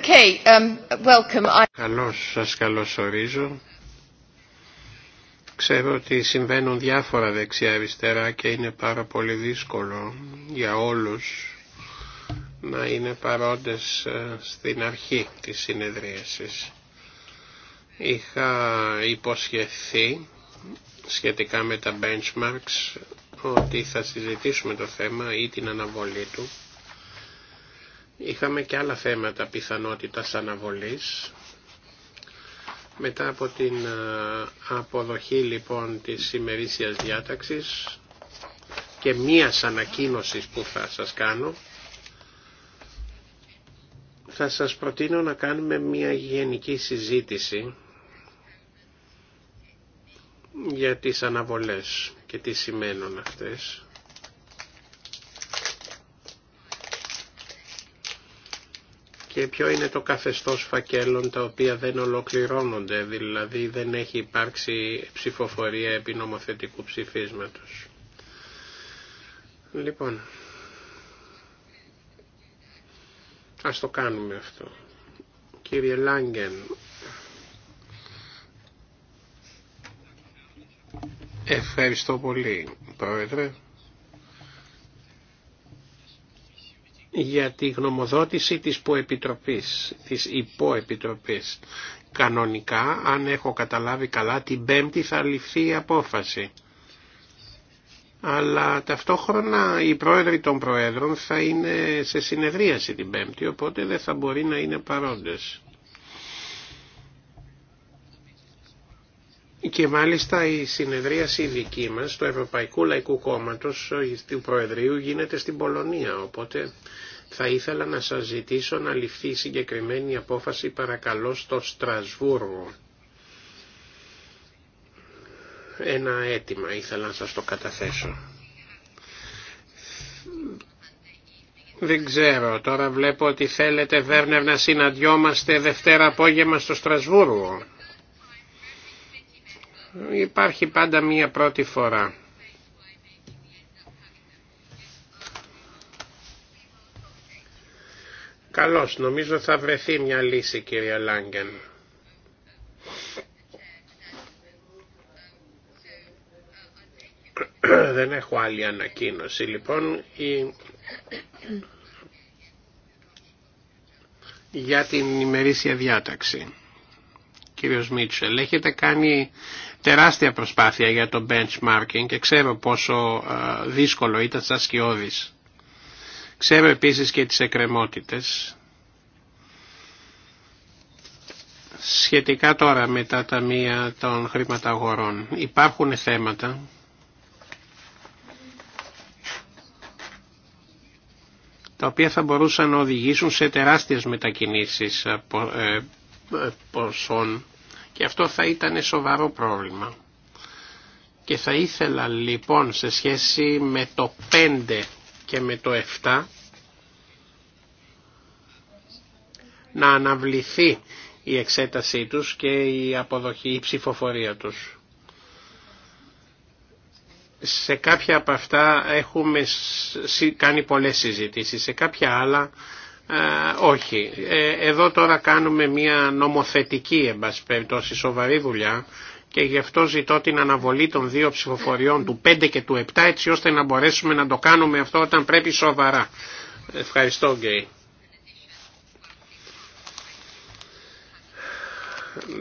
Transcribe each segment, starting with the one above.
Okay, um, welcome. Καλώς σας καλωσορίζω. Ξέρω ότι συμβαίνουν διάφορα δεξιά-αριστερά και είναι πάρα πολύ δύσκολο για όλους να είναι παρόντες ε, στην αρχή της συνεδρίασης. Είχα υποσχεθεί σχετικά με τα benchmarks ότι θα συζητήσουμε το θέμα ή την αναβολή του Είχαμε και άλλα θέματα πιθανότητας αναβολής. Μετά από την ε, αποδοχή λοιπόν της ημερήσιας διάταξης και μία ανακοίνωσης που θα σας κάνω, θα σας προτείνω να κάνουμε μια γενική συζήτηση για τις αναβολές και τι σημαίνουν αυτές. και ποιο είναι το καθεστώς φακέλων τα οποία δεν ολοκληρώνονται, δηλαδή δεν έχει υπάρξει ψηφοφορία επί νομοθετικού ψηφίσματος. Λοιπόν, ας το κάνουμε αυτό. Κύριε Λάγκεν, ευχαριστώ πολύ, Πρόεδρε. για τη γνωμοδότηση της υποεπιτροπής, της υποεπιτροπής. Κανονικά, αν έχω καταλάβει καλά, την Πέμπτη θα ληφθεί η απόφαση. Αλλά ταυτόχρονα οι πρόεδροι των προέδρων θα είναι σε συνεδρίαση την Πέμπτη, οπότε δεν θα μπορεί να είναι παρόντες. Και μάλιστα η συνεδρίαση δική μας του Ευρωπαϊκού Λαϊκού Κόμματος ε, του Προεδρείου γίνεται στην Πολωνία, οπότε θα ήθελα να σας ζητήσω να ληφθεί η συγκεκριμένη απόφαση παρακαλώ στο Στρασβούργο. Ένα αίτημα ήθελα να σας το καταθέσω. Δεν ξέρω, τώρα βλέπω ότι θέλετε Βέρνερ να συναντιόμαστε Δευτέρα απόγευμα στο Στρασβούργο. Υπάρχει πάντα μία πρώτη φορά. καλός. Νομίζω θα βρεθεί μια λύση κύριε Λάγκεν. Δεν έχω άλλη ανακοίνωση. Λοιπόν, η... για την ημερήσια διάταξη. Κύριος Μίτσελ, έχετε κάνει τεράστια προσπάθεια για το benchmarking και ξέρω πόσο ε, δύσκολο ήταν και σκιώδης. Ξέρω επίσης και τις εκκρεμότητες. Σχετικά τώρα με τα ταμεία των χρηματαγορών υπάρχουν θέματα τα οποία θα μπορούσαν να οδηγήσουν σε τεράστιες μετακινήσεις ε, ε, ε, ποσών και αυτό θα ήταν σοβαρό πρόβλημα. Και θα ήθελα λοιπόν σε σχέση με το 5 και με το 7 να αναβληθεί η εξέτασή τους και η αποδοχή, η ψηφοφορία τους. Σε κάποια από αυτά έχουμε κάνει πολλές συζητήσεις, σε κάποια άλλα ε, όχι. Ε, εδώ τώρα κάνουμε μια νομοθετική εμπασπερτώση σοβαρή δουλειά και γι' αυτό ζητώ την αναβολή των δύο ψηφοφοριών του 5 και του 7 έτσι ώστε να μπορέσουμε να το κάνουμε αυτό όταν πρέπει σοβαρά. Ευχαριστώ Γκέι.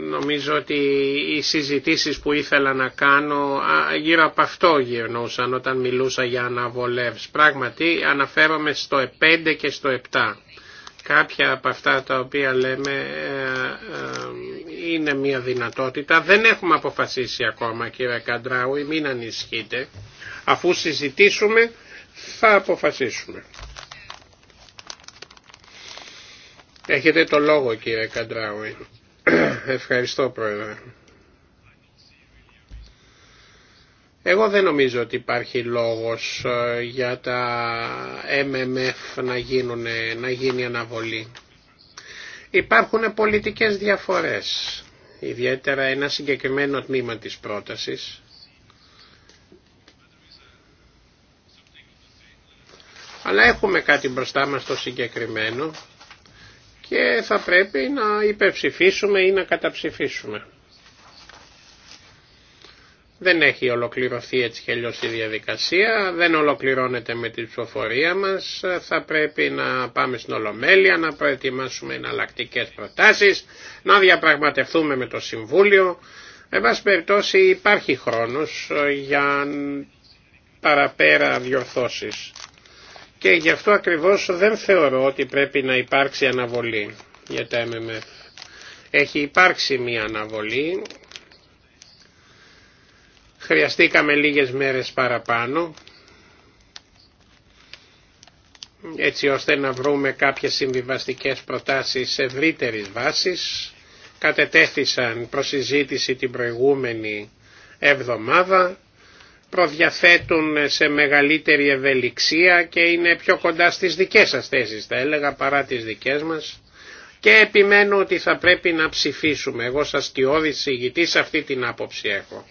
Νομίζω ότι οι συζητήσεις που ήθελα να κάνω γύρω από αυτό γυρνούσαν όταν μιλούσα για αναβολεύς. Πράγματι αναφέρομαι στο 5 και στο 7. Κάποια από αυτά τα οποία λέμε ε, ε, είναι μια δυνατότητα. Δεν έχουμε αποφασίσει ακόμα κύριε Καντράουι, μην ανησυχείτε. Αφού συζητήσουμε θα αποφασίσουμε. Έχετε το λόγο κύριε Καντράουι. Ευχαριστώ πρόεδρε. Εγώ δεν νομίζω ότι υπάρχει λόγος ε, για τα MMF να, γίνουν, να γίνει αναβολή. Υπάρχουν πολιτικές διαφορές, ιδιαίτερα ένα συγκεκριμένο τμήμα της πρότασης. Αλλά έχουμε κάτι μπροστά μας το συγκεκριμένο και θα πρέπει να υπερψηφίσουμε ή να καταψηφίσουμε. Δεν έχει ολοκληρωθεί έτσι και η διαδικασία, δεν ολοκληρώνεται με την ψηφοφορία μας, θα πρέπει να πάμε στην Ολομέλεια, να προετοιμάσουμε εναλλακτικέ προτάσεις, να διαπραγματευτούμε με το Συμβούλιο. Εν πάση περιπτώσει υπάρχει χρόνος για παραπέρα διορθώσεις και γι' αυτό ακριβώς δεν θεωρώ ότι πρέπει να υπάρξει αναβολή για τα MMF. Έχει υπάρξει μια αναβολή Χρειαστήκαμε λίγες μέρες παραπάνω έτσι ώστε να βρούμε κάποιες συμβιβαστικές προτάσεις ευρύτερη βάση. Κατετέθησαν προσυζήτηση την προηγούμενη εβδομάδα, προδιαθέτουν σε μεγαλύτερη ευελιξία και είναι πιο κοντά στις δικές σας θέσεις, θα έλεγα, παρά τις δικές μας. Και επιμένω ότι θα πρέπει να ψηφίσουμε. Εγώ σας κοιόδη σε αυτή την άποψη έχω.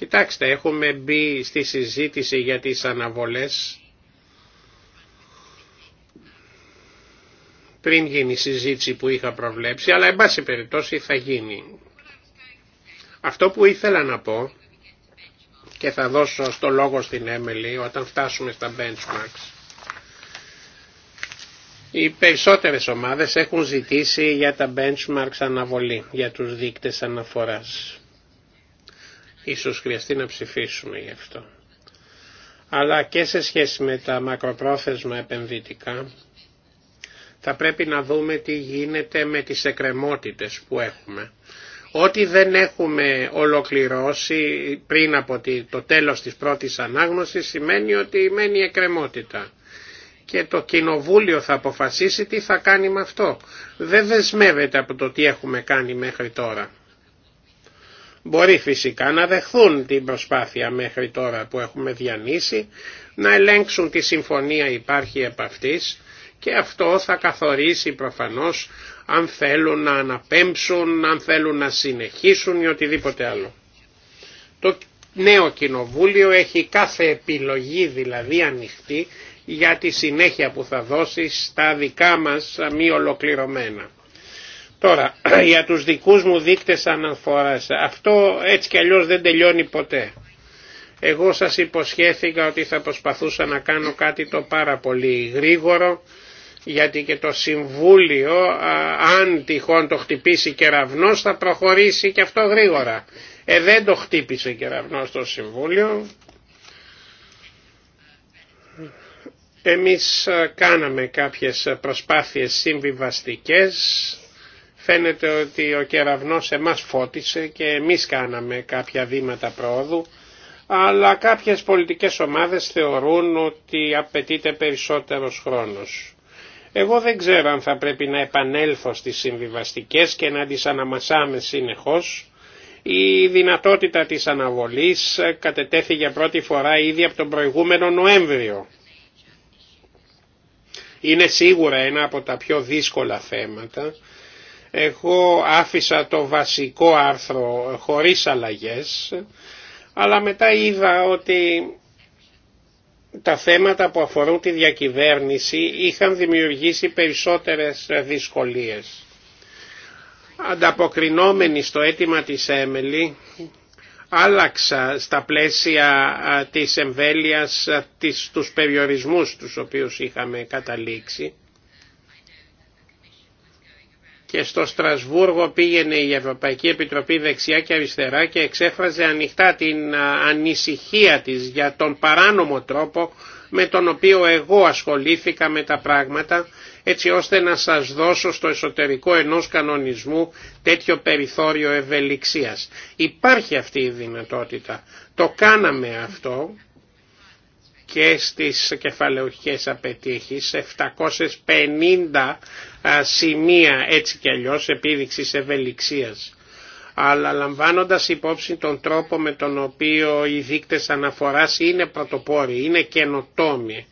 Κοιτάξτε, έχουμε μπει στη συζήτηση για τις αναβολές πριν γίνει η συζήτηση που είχα προβλέψει, αλλά εν πάση περιπτώσει θα γίνει. Αυτό που ήθελα να πω και θα δώσω στο λόγο στην Έμελη όταν φτάσουμε στα benchmarks. Οι περισσότερες ομάδες έχουν ζητήσει για τα benchmarks αναβολή, για τους δείκτες αναφοράς. Ίσως χρειαστεί να ψηφίσουμε γι' αυτό. Αλλά και σε σχέση με τα μακροπρόθεσμα επενδυτικά θα πρέπει να δούμε τι γίνεται με τις εκκρεμότητες που έχουμε. Ό,τι δεν έχουμε ολοκληρώσει πριν από το τέλος της πρώτης ανάγνωσης σημαίνει ότι μένει εκκρεμότητα. Και το κοινοβούλιο θα αποφασίσει τι θα κάνει με αυτό. Δεν δεσμεύεται από το τι έχουμε κάνει μέχρι τώρα. Μπορεί φυσικά να δεχθούν την προσπάθεια μέχρι τώρα που έχουμε διανύσει, να ελέγξουν τη συμφωνία υπάρχει επ' αυτής και αυτό θα καθορίσει προφανώς αν θέλουν να αναπέμψουν, αν θέλουν να συνεχίσουν ή οτιδήποτε άλλο. Το νέο κοινοβούλιο έχει κάθε επιλογή δηλαδή ανοιχτή για τη συνέχεια που θα δώσει στα δικά μας μη ολοκληρωμένα. Τώρα, για τους δικούς μου δείκτες αναφοράς, αυτό έτσι κι αλλιώς δεν τελειώνει ποτέ. Εγώ σας υποσχέθηκα ότι θα προσπαθούσα να κάνω κάτι το πάρα πολύ γρήγορο, γιατί και το Συμβούλιο, αν τυχόν το χτυπήσει κεραυνός, θα προχωρήσει και αυτό γρήγορα. Ε, δεν το χτύπησε κεραυνός το Συμβούλιο. Εμείς κάναμε κάποιες προσπάθειες συμβιβαστικές, Φαίνεται ότι ο κεραυνός εμάς φώτισε και εμείς κάναμε κάποια βήματα πρόοδου, αλλά κάποιες πολιτικές ομάδες θεωρούν ότι απαιτείται περισσότερος χρόνος. Εγώ δεν ξέρω αν θα πρέπει να επανέλθω στις συμβιβαστικές και να τις αναμασάμε συνεχώς. Η δυνατότητα της αναβολής κατετέθη για πρώτη φορά ήδη από τον προηγούμενο Νοέμβριο. Είναι σίγουρα ένα από τα πιο δύσκολα θέματα εγώ άφησα το βασικό άρθρο χωρίς αλλαγές, αλλά μετά είδα ότι τα θέματα που αφορούν τη διακυβέρνηση είχαν δημιουργήσει περισσότερες δυσκολίες. Ανταποκρινόμενοι στο αίτημα της Έμελη, άλλαξα στα πλαίσια της εμβέλειας του τους περιορισμούς τους οποίους είχαμε καταλήξει και στο Στρασβούργο πήγαινε η Ευρωπαϊκή Επιτροπή δεξιά και αριστερά και εξέφραζε ανοιχτά την ανησυχία της για τον παράνομο τρόπο με τον οποίο εγώ ασχολήθηκα με τα πράγματα έτσι ώστε να σας δώσω στο εσωτερικό ενός κανονισμού τέτοιο περιθώριο ευελιξίας. Υπάρχει αυτή η δυνατότητα. Το κάναμε αυτό και στις κεφαλαιοχές απαιτήσει 750 σημεία έτσι κι αλλιώς επίδειξης ευελιξίας αλλά λαμβάνοντας υπόψη τον τρόπο με τον οποίο οι δείκτες αναφοράς είναι πρωτοπόροι, είναι καινοτόμοι,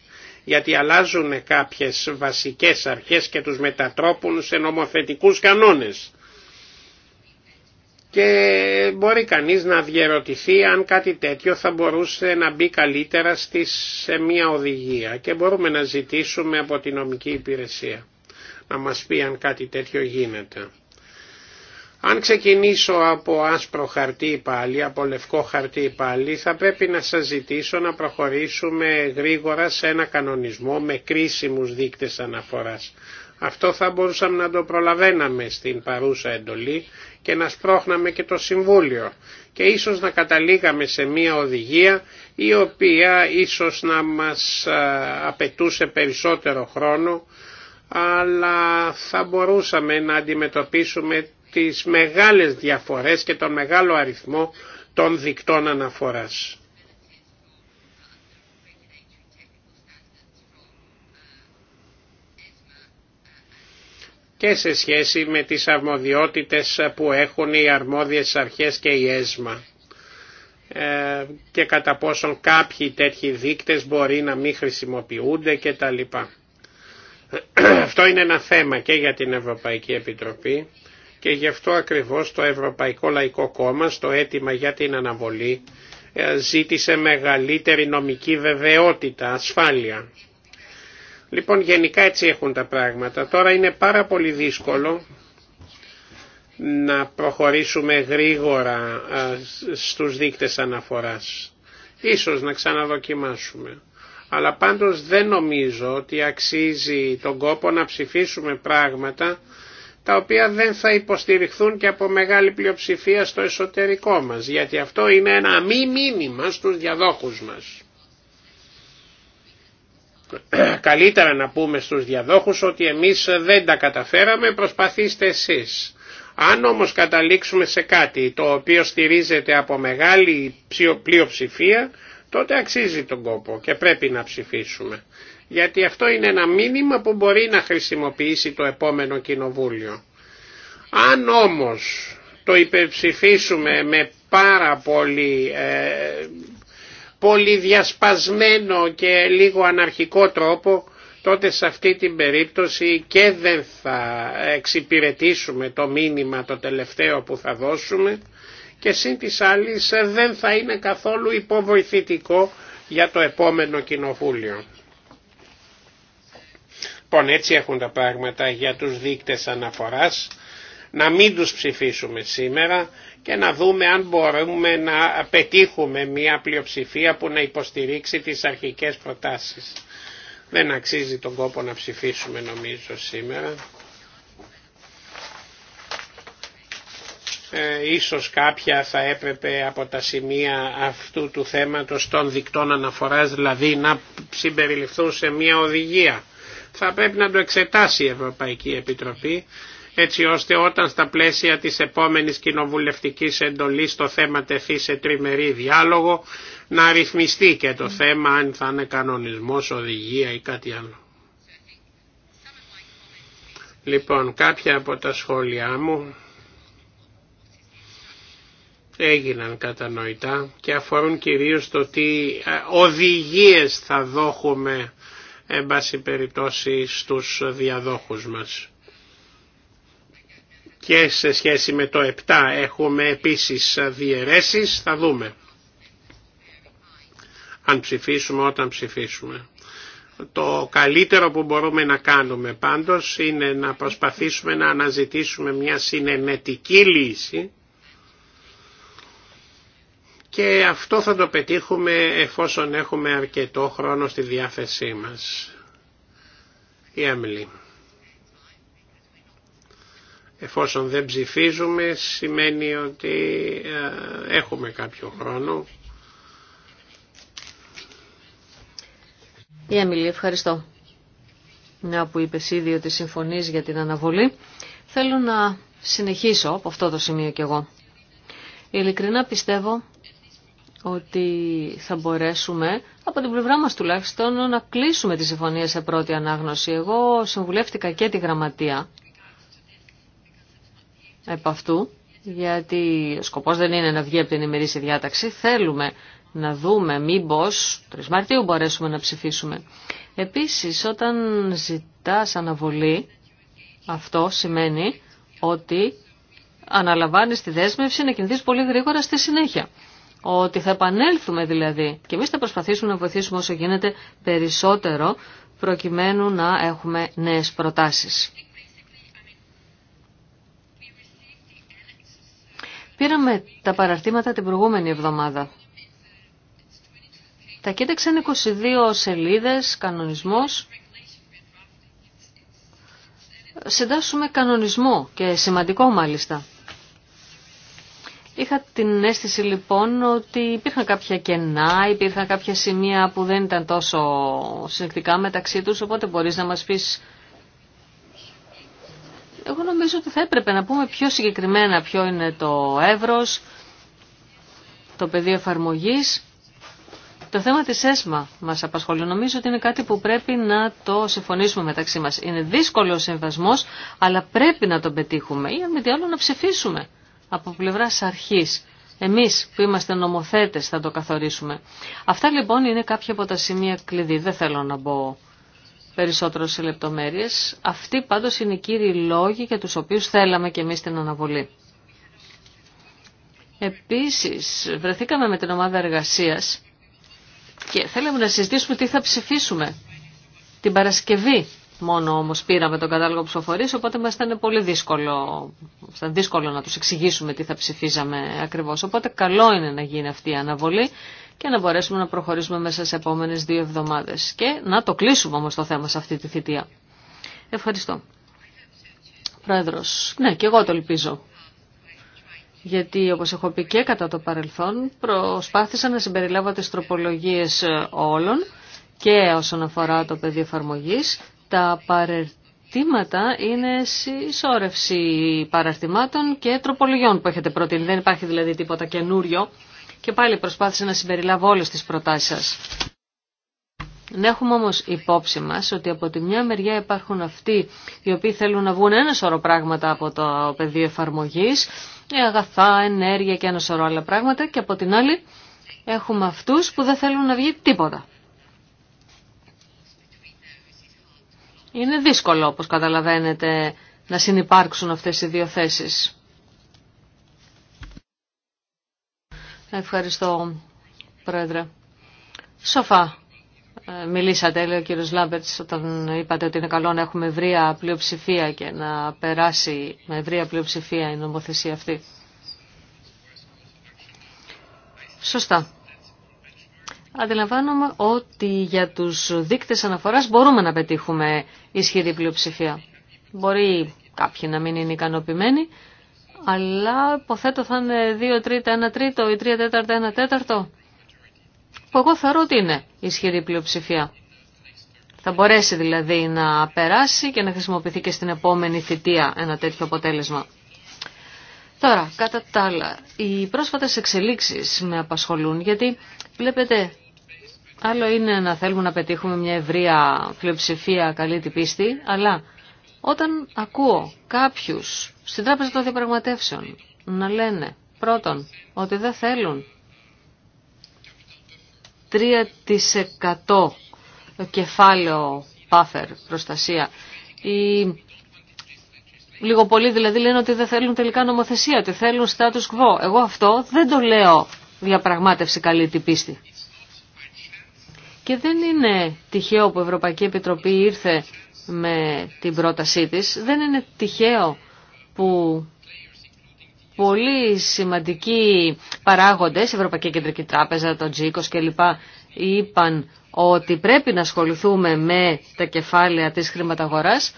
γιατί αλλάζουν κάποιες βασικές αρχές και τους μετατρόπουν σε νομοθετικούς κανόνες και μπορεί κανείς να διερωτηθεί αν κάτι τέτοιο θα μπορούσε να μπει καλύτερα στις, σε μια οδηγία και μπορούμε να ζητήσουμε από την νομική υπηρεσία να μας πει αν κάτι τέτοιο γίνεται. Αν ξεκινήσω από άσπρο χαρτί πάλι, από λευκό χαρτί πάλι, θα πρέπει να σας ζητήσω να προχωρήσουμε γρήγορα σε ένα κανονισμό με κρίσιμους δείκτες αναφοράς. Αυτό θα μπορούσαμε να το προλαβαίναμε στην παρούσα εντολή και να σπρώχναμε και το Συμβούλιο και ίσως να καταλήγαμε σε μια οδηγία η οποία ίσως να μας απαιτούσε περισσότερο χρόνο αλλά θα μπορούσαμε να αντιμετωπίσουμε τις μεγάλες διαφορές και τον μεγάλο αριθμό των δικτών αναφοράς. και σε σχέση με τις αρμοδιότητες που έχουν οι αρμόδιες αρχές και η ΕΣΜΑ ε, και κατά πόσον κάποιοι τέτοιοι δείκτες μπορεί να μην χρησιμοποιούνται κτλ. Αυτό είναι ένα θέμα και για την Ευρωπαϊκή Επιτροπή και γι' αυτό ακριβώς το Ευρωπαϊκό Λαϊκό Κόμμα στο αίτημα για την αναβολή ε, ζήτησε μεγαλύτερη νομική βεβαιότητα, ασφάλεια. Λοιπόν γενικά έτσι έχουν τα πράγματα. Τώρα είναι πάρα πολύ δύσκολο να προχωρήσουμε γρήγορα στους δείκτες αναφοράς. Ίσως να ξαναδοκιμάσουμε. Αλλά πάντως δεν νομίζω ότι αξίζει τον κόπο να ψηφίσουμε πράγματα τα οποία δεν θα υποστηριχθούν και από μεγάλη πλειοψηφία στο εσωτερικό μας, γιατί αυτό είναι ένα μη μήνυμα στους διαδόχους μας καλύτερα να πούμε στους διαδόχους ότι εμείς δεν τα καταφέραμε, προσπαθήστε εσείς. Αν όμως καταλήξουμε σε κάτι το οποίο στηρίζεται από μεγάλη πλειοψηφία, τότε αξίζει τον κόπο και πρέπει να ψηφίσουμε. Γιατί αυτό είναι ένα μήνυμα που μπορεί να χρησιμοποιήσει το επόμενο κοινοβούλιο. Αν όμως το υπερψηφίσουμε με πάρα πολύ ε, πολυδιασπασμένο και λίγο αναρχικό τρόπο τότε σε αυτή την περίπτωση και δεν θα εξυπηρετήσουμε το μήνυμα το τελευταίο που θα δώσουμε και σύν της άλλης δεν θα είναι καθόλου υποβοηθητικό για το επόμενο κοινοβούλιο. Λοιπόν έτσι έχουν τα πράγματα για τους δείκτες αναφοράς. Να μην τους ψηφίσουμε σήμερα, και να δούμε αν μπορούμε να πετύχουμε μια πλειοψηφία που να υποστηρίξει τις αρχικές προτάσεις. Δεν αξίζει τον κόπο να ψηφίσουμε νομίζω σήμερα. Ε, ίσως κάποια θα έπρεπε από τα σημεία αυτού του θέματος των δικτών αναφοράς δηλαδή να συμπεριληφθούν σε μια οδηγία θα πρέπει να το εξετάσει η Ευρωπαϊκή Επιτροπή έτσι ώστε όταν στα πλαίσια της επόμενης κοινοβουλευτικής εντολής το θέμα τεθεί σε τριμερή διάλογο να ρυθμιστεί και το θέμα αν θα είναι κανονισμός, οδηγία ή κάτι άλλο. Λοιπόν, κάποια από τα σχόλιά μου έγιναν κατανοητά και αφορούν κυρίως το τι ε, οδηγίες θα δόχουμε εν πάση περιπτώσει στους διαδόχους μας. Και σε σχέση με το 7 έχουμε επίσης διαιρέσεις, θα δούμε. Αν ψηφίσουμε όταν ψηφίσουμε. Το καλύτερο που μπορούμε να κάνουμε πάντως είναι να προσπαθήσουμε να αναζητήσουμε μια συνενετική λύση και αυτό θα το πετύχουμε εφόσον έχουμε αρκετό χρόνο στη διάθεσή μας. Η Έμιλη. Εφόσον δεν ψηφίζουμε σημαίνει ότι ε, έχουμε κάποιο χρόνο. Η Έμιλη, ευχαριστώ. Μια που είπε ήδη ότι συμφωνείς για την αναβολή, θέλω να συνεχίσω από αυτό το σημείο κι εγώ. Ειλικρινά πιστεύω ότι θα μπορέσουμε, από την πλευρά μας τουλάχιστον, να κλείσουμε τη συμφωνία σε πρώτη ανάγνωση. Εγώ συμβουλεύτηκα και τη γραμματεία επ' αυτού, γιατί ο σκοπός δεν είναι να βγει από την ημερήσια διάταξη. Θέλουμε να δούμε μήπως 3 Μαρτίου μπορέσουμε να ψηφίσουμε. Επίσης, όταν ζητάς αναβολή, αυτό σημαίνει ότι αναλαμβάνεις τη δέσμευση να κινηθείς πολύ γρήγορα στη συνέχεια ότι θα επανέλθουμε δηλαδή και εμείς θα προσπαθήσουμε να βοηθήσουμε όσο γίνεται περισσότερο προκειμένου να έχουμε νέες προτάσεις. Πήραμε τα παραρτήματα την προηγούμενη εβδομάδα. Τα κοίταξαν 22 σελίδες, κανονισμός. Συντάσσουμε κανονισμό και σημαντικό μάλιστα. Είχα την αίσθηση λοιπόν ότι υπήρχαν κάποια κενά, υπήρχαν κάποια σημεία που δεν ήταν τόσο συνεκτικά μεταξύ τους, οπότε μπορείς να μας πεις... Εγώ νομίζω ότι θα έπρεπε να πούμε πιο συγκεκριμένα ποιο είναι το εύρος, το πεδίο εφαρμογής. Το θέμα της ΕΣΜΑ μας απασχολεί. Νομίζω ότι είναι κάτι που πρέπει να το συμφωνήσουμε μεταξύ μας. Είναι δύσκολο ο συμβασμός, αλλά πρέπει να τον πετύχουμε ή με τι άλλο να ψηφίσουμε από πλευράς αρχής. Εμείς που είμαστε νομοθέτες θα το καθορίσουμε. Αυτά λοιπόν είναι κάποια από τα σημεία κλειδί. Δεν θέλω να μπω περισσότερο σε λεπτομέρειες. Αυτοί πάντως είναι οι κύριοι λόγοι για τους οποίους θέλαμε και εμείς την αναβολή. Επίσης βρεθήκαμε με την ομάδα εργασίας και θέλαμε να συζητήσουμε τι θα ψηφίσουμε την Παρασκευή Μόνο όμως πήραμε τον κατάλογο ψηφοφορίας, οπότε μας ήταν πολύ δύσκολο, ήταν δύσκολο να τους εξηγήσουμε τι θα ψηφίζαμε ακριβώς. Οπότε καλό είναι να γίνει αυτή η αναβολή και να μπορέσουμε να προχωρήσουμε μέσα σε επόμενες δύο εβδομάδες. Και να το κλείσουμε όμως το θέμα σε αυτή τη θητεία. Ευχαριστώ. Πρόεδρος, ναι και εγώ το ελπίζω. Γιατί όπως έχω πει και κατά το παρελθόν προσπάθησα να συμπεριλάβω τις τροπολογίες όλων και όσον αφορά το πεδίο εφαρμογή τα παρερτήματα είναι συσσόρευση παραρτημάτων και τροπολογιών που έχετε προτείνει. Δεν υπάρχει δηλαδή τίποτα καινούριο. Και πάλι προσπάθησα να συμπεριλάβω όλες τις προτάσεις σας. Να έχουμε όμως υπόψη μας ότι από τη μια μεριά υπάρχουν αυτοί οι οποίοι θέλουν να βγουν ένα σωρό πράγματα από το πεδίο εφαρμογής, ε, αγαθά, ενέργεια και ένα σωρό άλλα πράγματα και από την άλλη έχουμε αυτούς που δεν θέλουν να βγει τίποτα. Είναι δύσκολο, όπως καταλαβαίνετε, να συνεπάρξουν αυτές οι δύο θέσεις. Ευχαριστώ, Πρόεδρε. Σοφά. Ε, μιλήσατε, λέει ο κύριο Λάμπετ, όταν είπατε ότι είναι καλό να έχουμε ευρεία πλειοψηφία και να περάσει με ευρεία πλειοψηφία η νομοθεσία αυτή. Σωστά αντιλαμβάνομαι ότι για τους δείκτες αναφοράς μπορούμε να πετύχουμε ισχυρή πλειοψηφία. Μπορεί κάποιοι να μην είναι ικανοποιημένοι, αλλά υποθέτω θα είναι 2 τρίτα 1 τρίτο ή 3 τέταρτα 1 τέταρτο, που εγώ θεωρώ ότι είναι ισχυρή πλειοψηφία. Θα μπορέσει δηλαδή να περάσει και να χρησιμοποιηθεί και στην επόμενη θητεία ένα τέτοιο αποτέλεσμα. Τώρα, κατά τα άλλα, οι πρόσφατες εξελίξεις με απασχολούν γιατί βλέπετε Άλλο είναι να θέλουμε να πετύχουμε μια ευρεία πλειοψηφία καλή την πίστη, αλλά όταν ακούω κάποιους στην τράπεζα των διαπραγματεύσεων να λένε πρώτον ότι δεν θέλουν 3% κεφάλαιο πάφερ προστασία ή λίγο πολύ δηλαδή λένε ότι δεν θέλουν τελικά νομοθεσία, ότι θέλουν status quo. Εγώ αυτό δεν το λέω διαπραγμάτευση καλή την πίστη. Και δεν είναι τυχαίο που η Ευρωπαϊκή Επιτροπή ήρθε με την πρότασή της. Δεν είναι τυχαίο που πολύ σημαντικοί παράγοντες, η Ευρωπαϊκή Κεντρική Τράπεζα, το Τζίκος κλπ. είπαν ότι πρέπει να ασχοληθούμε με τα κεφάλαια της χρηματαγοράς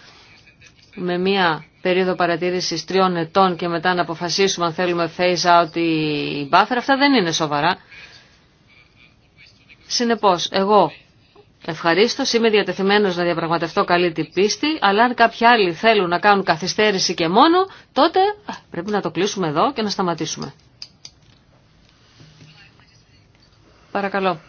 με μια περίοδο παρατήρησης τριών ετών και μετά να αποφασίσουμε αν θέλουμε phase out ή buffer. Αυτά δεν είναι σοβαρά. Συνεπώς, εγώ ευχαρίστω, είμαι διατεθειμένος να διαπραγματευτώ καλή την πίστη, αλλά αν κάποιοι άλλοι θέλουν να κάνουν καθυστέρηση και μόνο, τότε πρέπει να το κλείσουμε εδώ και να σταματήσουμε. Παρακαλώ.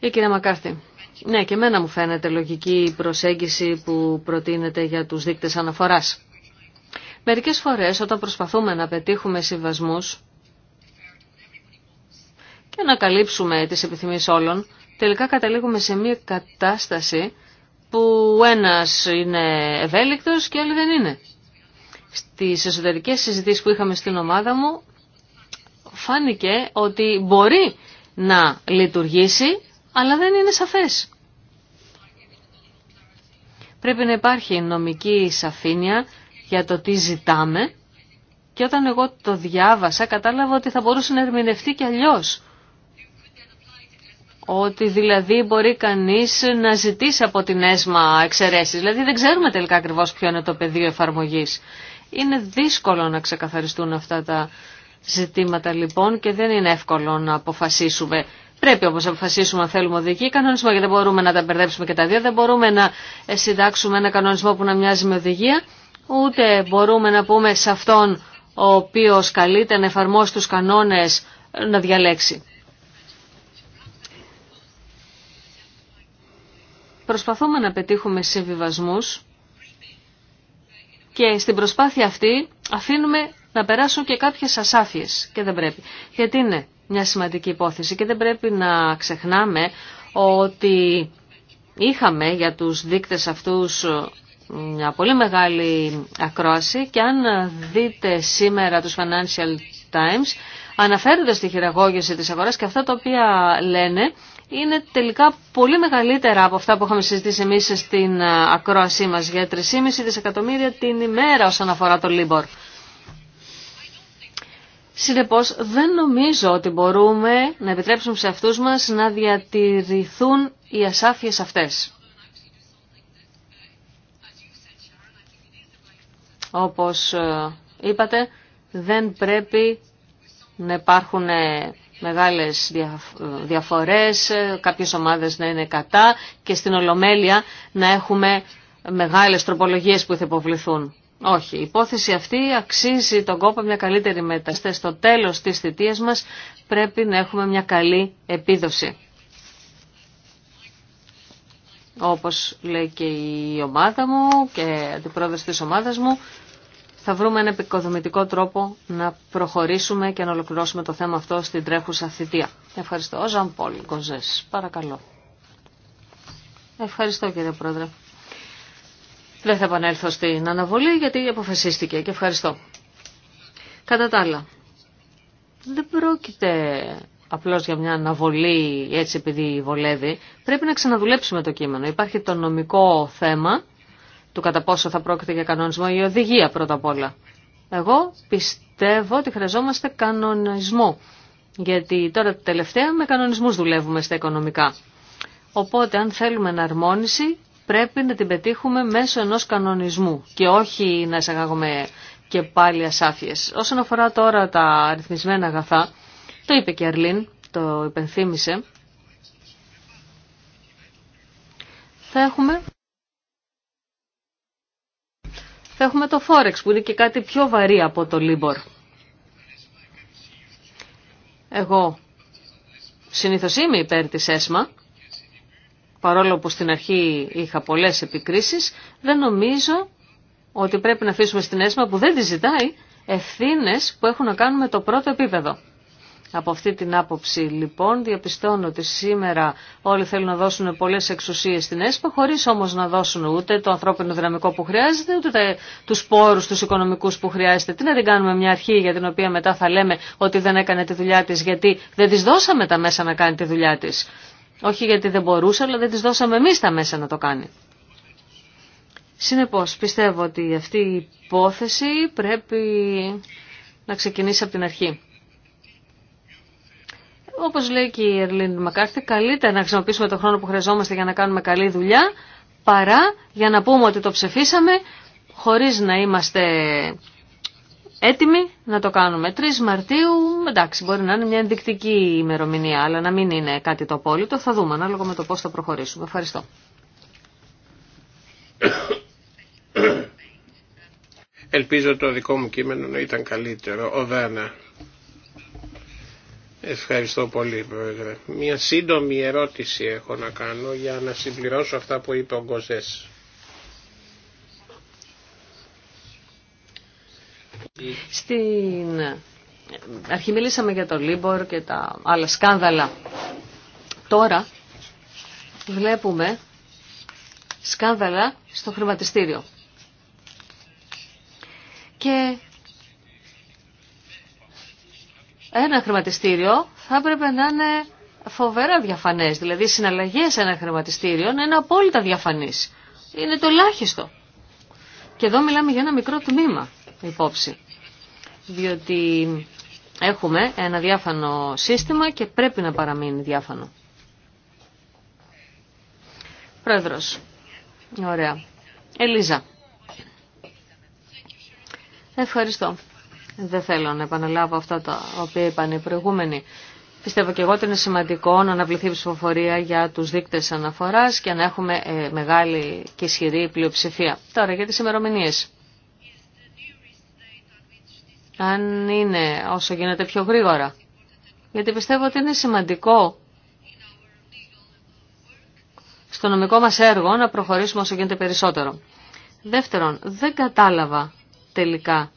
Η κυρία Μακάρθη. Ναι, και εμένα μου φαίνεται λογική η προσέγγιση που προτείνεται για τους δείκτες αναφοράς. Μερικές φορές όταν προσπαθούμε να πετύχουμε συμβασμούς, και να καλύψουμε τις επιθυμίες όλων, τελικά καταλήγουμε σε μια κατάσταση που ένας είναι ευέλικτος και όλοι δεν είναι. Στις εσωτερικές συζητήσεις που είχαμε στην ομάδα μου φάνηκε ότι μπορεί να λειτουργήσει αλλά δεν είναι σαφές. Πρέπει να υπάρχει νομική σαφήνεια για το τι ζητάμε και όταν εγώ το διάβασα κατάλαβα ότι θα μπορούσε να ερμηνευτεί και αλλιώς. Ότι δηλαδή μπορεί κανείς να ζητήσει από την ΕΣΜΑ εξαιρέσεις. Δηλαδή δεν ξέρουμε τελικά ακριβώς ποιο είναι το πεδίο εφαρμογής. Είναι δύσκολο να ξεκαθαριστούν αυτά τα ζητήματα λοιπόν και δεν είναι εύκολο να αποφασίσουμε. Πρέπει όμως να αποφασίσουμε αν θέλουμε οδική κανονισμό γιατί δεν μπορούμε να τα μπερδέψουμε και τα δύο. Δεν μπορούμε να ε, συντάξουμε ένα κανονισμό που να μοιάζει με οδηγία. Ούτε μπορούμε να πούμε σε αυτόν ο οποίος καλείται να εφαρμόσει τους κανόνες να διαλέξει. προσπαθούμε να πετύχουμε συμβιβασμούς και στην προσπάθεια αυτή αφήνουμε να περάσουν και κάποιες ασάφειες και δεν πρέπει. Γιατί είναι μια σημαντική υπόθεση και δεν πρέπει να ξεχνάμε ότι είχαμε για τους δείκτες αυτούς μια πολύ μεγάλη ακρόαση και αν δείτε σήμερα τους Financial Times αναφέρονται στη χειραγώγηση της αγοράς και αυτά τα οποία λένε είναι τελικά πολύ μεγαλύτερα από αυτά που είχαμε συζητήσει εμεί στην ε, ακρόασή μας για 3,5 δισεκατομμύρια την ημέρα όσον αφορά το Λίμπορ. Συνεπώς δεν νομίζω ότι μπορούμε να επιτρέψουμε σε αυτούς μας να διατηρηθούν οι ασάφειες αυτές. Όπως ε, είπατε, δεν πρέπει να υπάρχουν ε, μεγάλες διαφορές, κάποιες ομάδες να είναι κατά και στην Ολομέλεια να έχουμε μεγάλες τροπολογίες που θα υποβληθούν. Όχι, η υπόθεση αυτή αξίζει τον κόπο μια καλύτερη μεταστέ. Στο τέλος της θητείας μας πρέπει να έχουμε μια καλή επίδοση. Όπως λέει και η ομάδα μου και αντιπρόεδρος της ομάδας μου, θα βρούμε ένα επικοδομητικό τρόπο να προχωρήσουμε και να ολοκληρώσουμε το θέμα αυτό στην τρέχουσα θητεία. Ευχαριστώ. Ο Ζαν Πολ παρακαλώ. Ευχαριστώ κύριε Πρόεδρε. Δεν θα επανέλθω στην αναβολή γιατί αποφασίστηκε και ευχαριστώ. Κατά τα άλλα, δεν πρόκειται απλώς για μια αναβολή έτσι επειδή βολεύει. Πρέπει να ξαναδουλέψουμε το κείμενο. Υπάρχει το νομικό θέμα του κατά πόσο θα πρόκειται για κανονισμό η οδηγία πρώτα απ' όλα. Εγώ πιστεύω ότι χρειαζόμαστε κανονισμό. Γιατί τώρα τελευταία με κανονισμούς δουλεύουμε στα οικονομικά. Οπότε αν θέλουμε να εναρμόνιση πρέπει να την πετύχουμε μέσω ενός κανονισμού και όχι να εισαγάγουμε και πάλι ασάφειες. Όσον αφορά τώρα τα αριθμισμένα αγαθά, το είπε και η Αρλίν, το υπενθύμησε, θα έχουμε θα έχουμε το Forex που είναι και κάτι πιο βαρύ από το Libor. Εγώ συνήθως είμαι υπέρ της ΕΣΜΑ, παρόλο που στην αρχή είχα πολλές επικρίσεις, δεν νομίζω ότι πρέπει να αφήσουμε στην ΕΣΜΑ που δεν τη ζητάει ευθύνες που έχουν να κάνουν με το πρώτο επίπεδο. Από αυτή την άποψη λοιπόν διαπιστώνω ότι σήμερα όλοι θέλουν να δώσουν πολλές εξουσίες στην ΕΣΠΑ χωρίς όμως να δώσουν ούτε το ανθρώπινο δυναμικό που χρειάζεται ούτε τους πόρους, τους οικονομικούς που χρειάζεται. Τι να την κάνουμε μια αρχή για την οποία μετά θα λέμε ότι δεν έκανε τη δουλειά της γιατί δεν της δώσαμε τα μέσα να κάνει τη δουλειά της. Όχι γιατί δεν μπορούσε αλλά δεν της δώσαμε εμείς τα μέσα να το κάνει. Συνεπώς πιστεύω ότι αυτή η υπόθεση πρέπει να ξεκινήσει από την αρχή. Όπω λέει και η Ερλίν Μακάρθη, καλύτερα να χρησιμοποιήσουμε τον χρόνο που χρειαζόμαστε για να κάνουμε καλή δουλειά, παρά για να πούμε ότι το ψεφίσαμε χωρί να είμαστε έτοιμοι να το κάνουμε. 3 Μαρτίου, εντάξει, μπορεί να είναι μια ενδεικτική ημερομηνία, αλλά να μην είναι κάτι το απόλυτο. Θα δούμε ανάλογα με το πώ θα προχωρήσουμε. Ευχαριστώ. Ελπίζω το δικό μου κείμενο να ήταν καλύτερο. Ο Δάνα. Ευχαριστώ πολύ, Πρόεδρε. Μια σύντομη ερώτηση έχω να κάνω για να συμπληρώσω αυτά που είπε ο Γκοζές. Στην αρχή μιλήσαμε για το Λίμπορ και τα άλλα σκάνδαλα. Τώρα βλέπουμε σκάνδαλα στο χρηματιστήριο. Και ένα χρηματιστήριο θα έπρεπε να είναι φοβερά διαφανές. Δηλαδή οι συναλλαγές σε ένα χρηματιστήριο να είναι απόλυτα διαφανείς. Είναι το ελάχιστο. Και εδώ μιλάμε για ένα μικρό τμήμα υπόψη. Διότι έχουμε ένα διάφανο σύστημα και πρέπει να παραμείνει διάφανο. Πρόεδρος. Ωραία. Ελίζα. Ευχαριστώ. Δεν θέλω να επαναλάβω αυτά τα οποία είπαν οι προηγούμενοι. Πιστεύω και εγώ ότι είναι σημαντικό να αναβληθεί η ψηφοφορία για τους δείκτες αναφοράς και να έχουμε ε, μεγάλη και ισχυρή πλειοψηφία. Τώρα για τις ημερομηνίε. Αν είναι όσο γίνεται πιο γρήγορα. Γιατί πιστεύω ότι είναι σημαντικό στο νομικό μας έργο να προχωρήσουμε όσο γίνεται περισσότερο. Δεύτερον, δεν κατάλαβα τελικά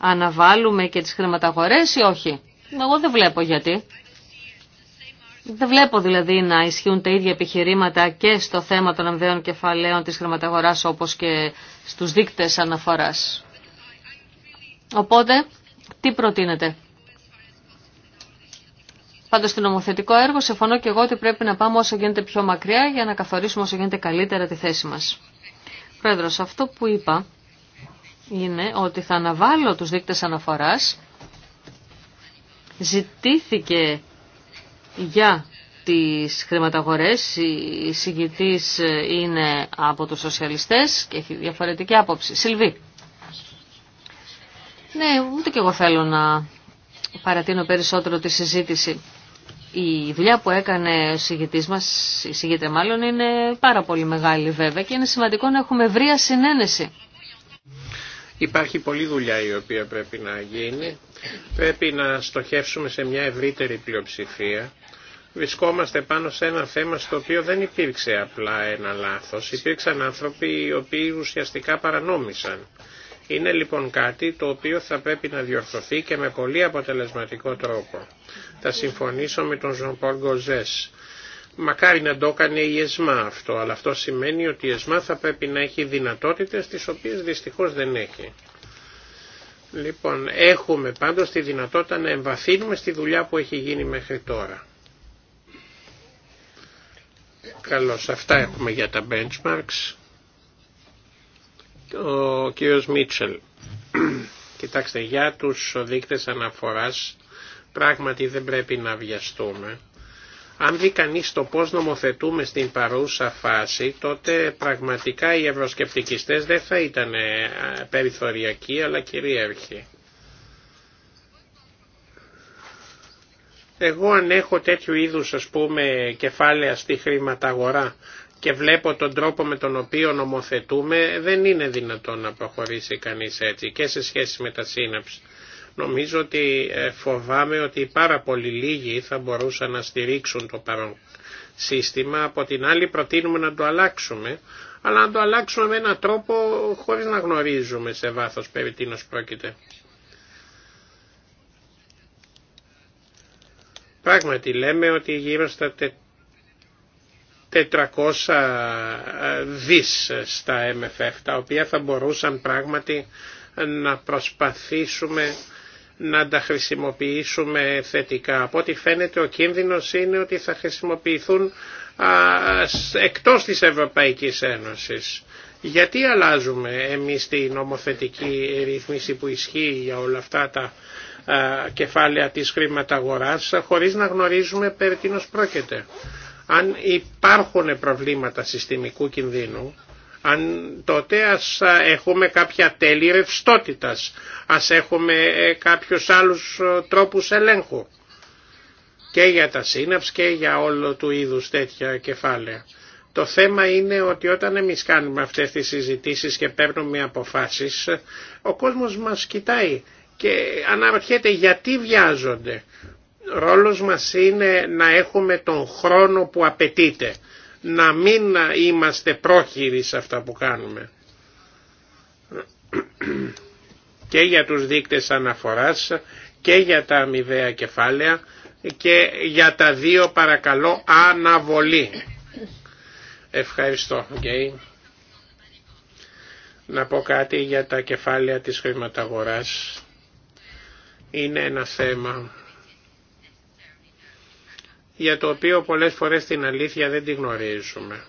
αναβάλουμε και τις χρηματαγορές ή όχι. Εγώ δεν βλέπω γιατί. Δεν βλέπω δηλαδή να ισχύουν τα ίδια επιχειρήματα και στο θέμα των αμοιβαίων κεφαλαίων της χρηματαγοράς όπως και στους δείκτες αναφοράς. Οπότε, τι προτείνετε. Πάντω, στην νομοθετικό έργο συμφωνώ και εγώ ότι πρέπει να πάμε όσο γίνεται πιο μακριά για να καθορίσουμε όσο γίνεται καλύτερα τη θέση μας. Πρόεδρος, αυτό που είπα είναι ότι θα αναβάλω τους δείκτες αναφοράς. Ζητήθηκε για τις χρηματαγορές, η συγκητής είναι από τους σοσιαλιστές και έχει διαφορετική άποψη. Σιλβί. Ναι, ούτε και εγώ θέλω να παρατείνω περισσότερο τη συζήτηση. Η δουλειά που έκανε ο συγκητής μας, η συγγήτρια μάλλον, είναι πάρα πολύ μεγάλη βέβαια και είναι σημαντικό να έχουμε ευρεία συνένεση. Υπάρχει πολλή δουλειά η οποία πρέπει να γίνει. Πρέπει να στοχεύσουμε σε μια ευρύτερη πλειοψηφία. Βρισκόμαστε πάνω σε ένα θέμα στο οποίο δεν υπήρξε απλά ένα λάθος. Υπήρξαν άνθρωποι οι οποίοι ουσιαστικά παρανόμησαν. Είναι λοιπόν κάτι το οποίο θα πρέπει να διορθωθεί και με πολύ αποτελεσματικό τρόπο. Θα συμφωνήσω με τον Ζων Μακάρι να το έκανε η ΕΣΜΑ αυτό, αλλά αυτό σημαίνει ότι η ΕΣΜΑ θα πρέπει να έχει δυνατότητες τις οποίες δυστυχώς δεν έχει. Λοιπόν, έχουμε πάντως τη δυνατότητα να εμβαθύνουμε στη δουλειά που έχει γίνει μέχρι τώρα. Καλώς, αυτά έχουμε για τα benchmarks. Ο κύριος Μίτσελ, κοιτάξτε, για τους δείκτες αναφοράς πράγματι δεν πρέπει να βιαστούμε αν δει κανείς το πώς νομοθετούμε στην παρούσα φάση, τότε πραγματικά οι ευρωσκεπτικιστές δεν θα ήταν ε, περιθωριακοί αλλά κυρίαρχοι. Εγώ αν έχω τέτοιου είδους ας πούμε κεφάλαια στη χρηματαγορά και βλέπω τον τρόπο με τον οποίο νομοθετούμε δεν είναι δυνατόν να προχωρήσει κανείς έτσι και σε σχέση με τα σύναψη. Νομίζω ότι ε, φοβάμαι ότι πάρα πολύ λίγοι θα μπορούσαν να στηρίξουν το παρόν σύστημα. Από την άλλη προτείνουμε να το αλλάξουμε, αλλά να το αλλάξουμε με έναν τρόπο χωρίς να γνωρίζουμε σε βάθος περί τίνος πρόκειται. Πράγματι λέμε ότι γύρω στα 400 ε, δις στα MFF, τα οποία θα μπορούσαν πράγματι να προσπαθήσουμε να τα χρησιμοποιήσουμε θετικά. Από ό,τι φαίνεται ο κίνδυνος είναι ότι θα χρησιμοποιηθούν εκτός της Ευρωπαϊκής Ένωσης. Γιατί αλλάζουμε εμείς την νομοθετική ρύθμιση που ισχύει για όλα αυτά τα κεφάλαια της αγοράς χωρίς να γνωρίζουμε περί τίνος πρόκειται. Αν υπάρχουν προβλήματα συστημικού κινδύνου αν τότε ας έχουμε κάποια τέλη ρευστότητα, ας έχουμε ε, κάποιους άλλους ε, τρόπους ελέγχου και για τα σύναψη και για όλο του είδους τέτοια κεφάλαια. Το θέμα είναι ότι όταν εμείς κάνουμε αυτές τις συζητήσεις και παίρνουμε αποφάσεις, ο κόσμος μας κοιτάει και αναρωτιέται γιατί βιάζονται. Ρόλος μας είναι να έχουμε τον χρόνο που απαιτείται να μην είμαστε πρόχειροι σε αυτά που κάνουμε. Και για τους δείκτες αναφοράς και για τα αμοιβαία κεφάλαια και για τα δύο παρακαλώ αναβολή. Ευχαριστώ. Okay. Να πω κάτι για τα κεφάλαια της χρηματαγοράς. Είναι ένα θέμα για το οποίο πολλές φορές την αλήθεια δεν τη γνωρίζουμε.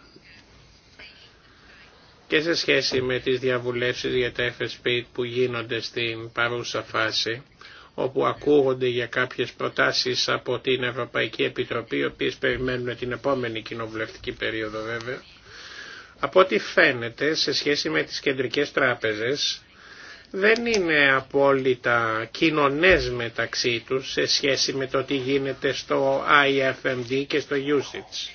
Και σε σχέση με τις διαβουλεύσεις για τα FSP που γίνονται στην παρούσα φάση, όπου ακούγονται για κάποιες προτάσεις από την Ευρωπαϊκή Επιτροπή, οι οποίες περιμένουν την επόμενη κοινοβουλευτική περίοδο βέβαια, από ό,τι φαίνεται σε σχέση με τις κεντρικές τράπεζες, δεν είναι απόλυτα κοινωνές μεταξύ τους σε σχέση με το τι γίνεται στο IFMD και στο usage.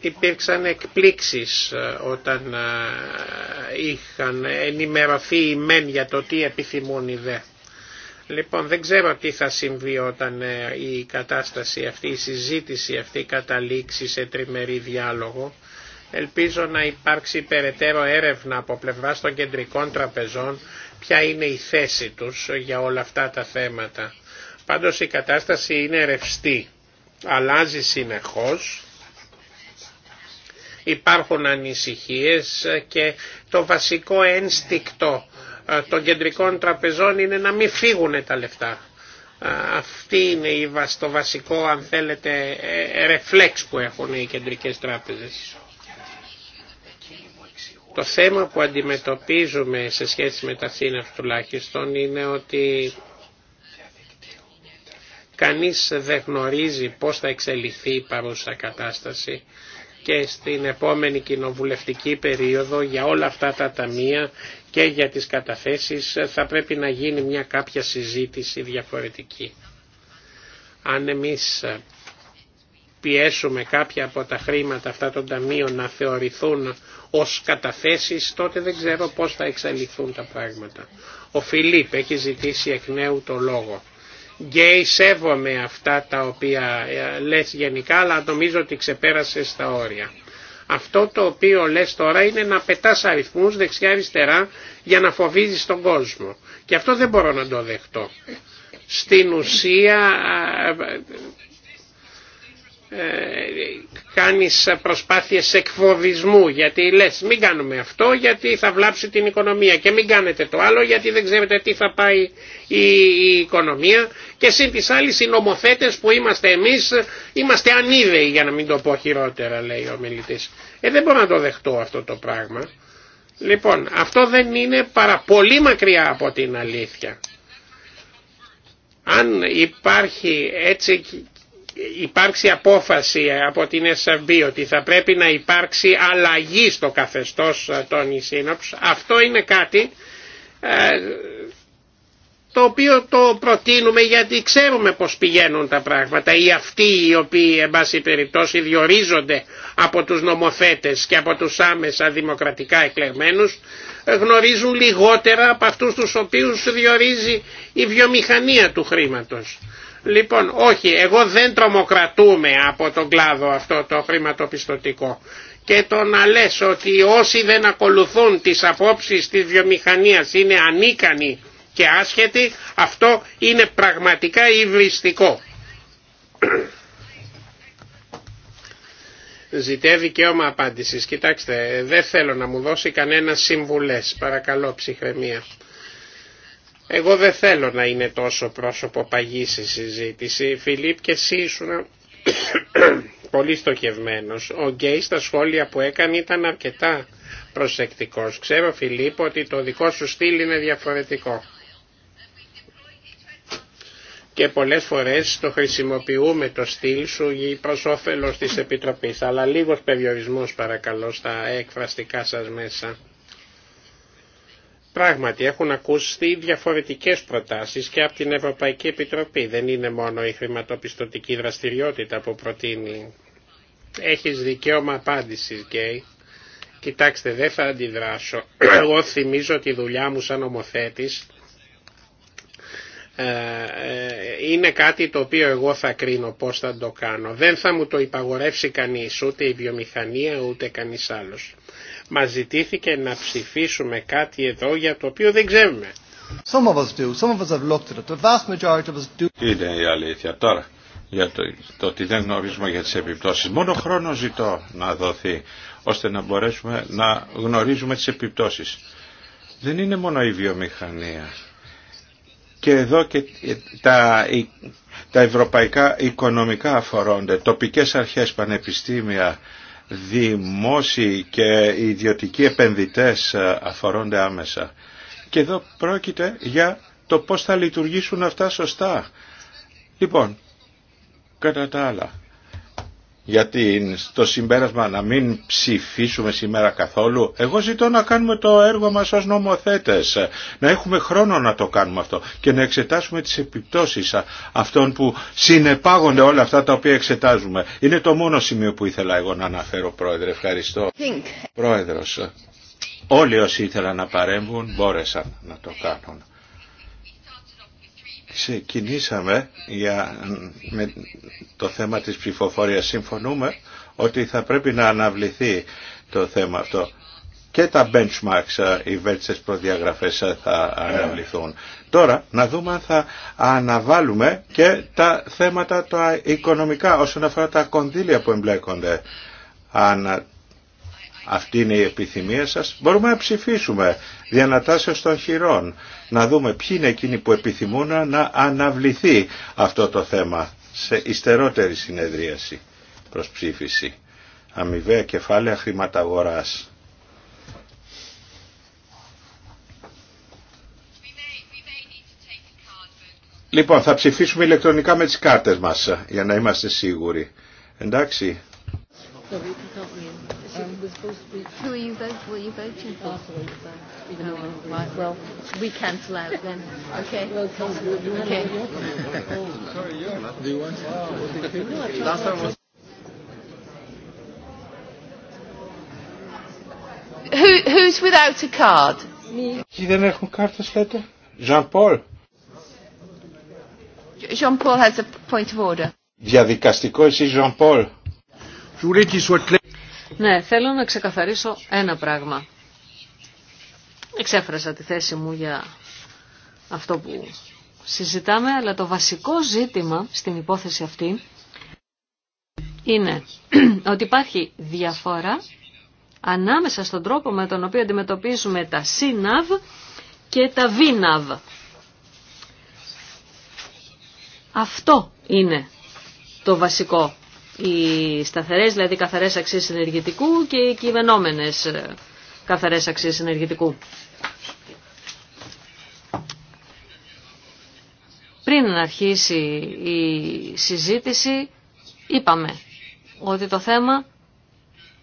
Υπήρξαν εκπλήξεις ε, όταν ε, είχαν ενημερωθεί οι μεν για το τι επιθυμούν οι δε. Λοιπόν, δεν ξέρω τι θα συμβεί όταν ε, η κατάσταση αυτή, η συζήτηση αυτή καταλήξει σε τριμερή διάλογο. Ελπίζω να υπάρξει περαιτέρω έρευνα από πλευράς των κεντρικών τραπεζών ποια είναι η θέση τους για όλα αυτά τα θέματα. Πάντως η κατάσταση είναι ρευστή, αλλάζει συνεχώς, υπάρχουν ανησυχίες και το βασικό ένστικτο ε, των κεντρικών τραπεζών είναι να μην φύγουν τα λεφτά. Ε, αυτή είναι το βασικό αν θέλετε ε, ρεφλέξ που έχουν οι κεντρικές τράπεζες. Το θέμα που αντιμετωπίζουμε σε σχέση με τα σύννεφ τουλάχιστον είναι ότι κανείς δεν γνωρίζει πώς θα εξελιχθεί η παρούσα κατάσταση και στην επόμενη κοινοβουλευτική περίοδο για όλα αυτά τα ταμεία και για τις καταθέσεις θα πρέπει να γίνει μια κάποια συζήτηση διαφορετική. Αν εμείς πιέσουμε κάποια από τα χρήματα αυτά των ταμείων να θεωρηθούν ως καταθέσεις, τότε δεν ξέρω πώς θα εξελιχθούν τα πράγματα. Ο Φιλίπ έχει ζητήσει εκ νέου το λόγο. Γκέι, σέβομαι αυτά τα οποία ε, λες γενικά, αλλά νομίζω ότι ξεπέρασες τα όρια. Αυτό το οποίο λες τώρα είναι να πετάς αριθμούς δεξιά-αριστερά για να φοβίζεις τον κόσμο. Και αυτό δεν μπορώ να το δεχτώ. Στην ουσία ε, ε, κάνεις προσπάθειες εκφοβισμού γιατί λες μην κάνουμε αυτό γιατί θα βλάψει την οικονομία και μην κάνετε το άλλο γιατί δεν ξέρετε τι θα πάει η οικονομία και σύν της οι νομοθέτες που είμαστε εμείς είμαστε ανίδεοι για να μην το πω χειρότερα λέει ο μιλητής. Ε δεν μπορώ να το δεχτώ αυτό το πράγμα. Λοιπόν αυτό δεν είναι παρά πολύ μακριά από την αλήθεια. Αν υπάρχει έτσι υπάρξει απόφαση από την SRB ότι θα πρέπει να υπάρξει αλλαγή στο καθεστώς ε, των Ισίνοψ, αυτό είναι κάτι ε, το οποίο το προτείνουμε γιατί ξέρουμε πώς πηγαίνουν τα πράγματα ή αυτοί οι οποίοι εν πάση περιπτώσει διορίζονται από τους νομοθέτες και από τους άμεσα δημοκρατικά εκλεγμένους ε, γνωρίζουν λιγότερα από αυτούς τους οποίους διορίζει η βιομηχανία του χρήματος. Λοιπόν, όχι, εγώ δεν τρομοκρατούμε από τον κλάδο αυτό το χρηματοπιστωτικό. Και το να λες ότι όσοι δεν ακολουθούν τις απόψεις της βιομηχανίας είναι ανίκανοι και άσχετοι, αυτό είναι πραγματικά υβριστικό. και δικαίωμα απάντηση, Κοιτάξτε, δεν θέλω να μου δώσει κανένα συμβουλές. Παρακαλώ ψυχραιμία. Εγώ δεν θέλω να είναι τόσο πρόσωπο παγής η συζήτηση. Φιλίπ και εσύ ήσουν πολύ στοχευμένος. Ο Γκέι στα σχόλια που έκανε ήταν αρκετά προσεκτικός. Ξέρω Φιλίπ ότι το δικό σου στυλ είναι διαφορετικό. Και πολλές φορές το χρησιμοποιούμε το στυλ σου προς όφελος της Επιτροπής. Αλλά λίγος περιορισμός παρακαλώ στα εκφραστικά σας μέσα. Πράγματι έχουν ακούσει διαφορετικές προτάσεις και από την Ευρωπαϊκή Επιτροπή. Δεν είναι μόνο η χρηματοπιστωτική δραστηριότητα που προτείνει. Έχεις δικαίωμα απάντησης, Γκέι. Κοιτάξτε, δεν θα αντιδράσω. Εγώ θυμίζω τη δουλειά μου σαν ομοθέτης ε, ε, είναι κάτι το οποίο εγώ θα κρίνω πώς θα το κάνω. Δεν θα μου το υπαγορεύσει κανείς, ούτε η βιομηχανία, ούτε κανείς άλλος μας ζητήθηκε να ψηφίσουμε κάτι εδώ για το οποίο δεν ξέρουμε. Είναι η αλήθεια τώρα για το, το ότι δεν γνωρίζουμε για τις επιπτώσεις. Μόνο χρόνο ζητώ να δοθεί ώστε να μπορέσουμε να γνωρίζουμε τις επιπτώσεις. Δεν είναι μόνο η βιομηχανία. Και εδώ και τα, τα ευρωπαϊκά οικονομικά αφορώνται, τοπικές αρχές, πανεπιστήμια, δημόσιοι και ιδιωτικοί επενδυτές ε, αφορώνται άμεσα. Και εδώ πρόκειται για το πώς θα λειτουργήσουν αυτά σωστά. Λοιπόν, κατά τα άλλα, γιατί στο συμπέρασμα να μην ψηφίσουμε σήμερα καθόλου. Εγώ ζητώ να κάνουμε το έργο μας ως νομοθέτες, να έχουμε χρόνο να το κάνουμε αυτό και να εξετάσουμε τις επιπτώσεις αυτών που συνεπάγονται όλα αυτά τα οποία εξετάζουμε. Είναι το μόνο σημείο που ήθελα εγώ να αναφέρω, Πρόεδρε. Ευχαριστώ. Think. Πρόεδρος, όλοι όσοι ήθελαν να παρέμβουν μπόρεσαν να το κάνουν ξεκινήσαμε για, με το θέμα της ψηφοφορίας. Συμφωνούμε ότι θα πρέπει να αναβληθεί το θέμα αυτό. Και τα benchmarks, ε, οι βέλτιστες προδιαγραφές ε, θα αναβληθούν. Τώρα να δούμε αν θα αναβάλουμε και τα θέματα τα οικονομικά όσον αφορά τα κονδύλια που εμπλέκονται. Αν αυτή είναι η επιθυμία σας, μπορούμε να ψηφίσουμε διανατάσεως των χειρών να δούμε ποιοι είναι εκείνοι που επιθυμούν να αναβληθεί αυτό το θέμα σε ιστερότερη συνεδρίαση προς ψήφιση. Αμοιβαία κεφάλαια χρηματαγοράς. Λοιπόν, θα ψηφίσουμε ηλεκτρονικά με τις κάρτες μας, για να είμαστε σίγουροι. Εντάξει. Who are you vote? After Louisa. Oh, right, well, we cancel out then. Okay. okay. you. Do Who, who's without a card? Me. Jean Paul. Jean Paul has a point of order. Διαδικαστικό εσύ Jean Paul. Je voulais qu'il soit clair. Ναι, θέλω να ξεκαθαρίσω ένα πράγμα. Εξέφρασα τη θέση μου για αυτό που συζητάμε, αλλά το βασικό ζήτημα στην υπόθεση αυτή είναι ότι υπάρχει διαφορά ανάμεσα στον τρόπο με τον οποίο αντιμετωπίζουμε τα ΣΥΝΑΒ και τα ΒΙΝΑΒ. Αυτό είναι το βασικό οι σταθερές, δηλαδή καθαρές αξίες ενεργητικού και οι κυβερνόμενες ε, καθαρές αξίες ενεργητικού. Πριν να αρχίσει η συζήτηση είπαμε ότι το θέμα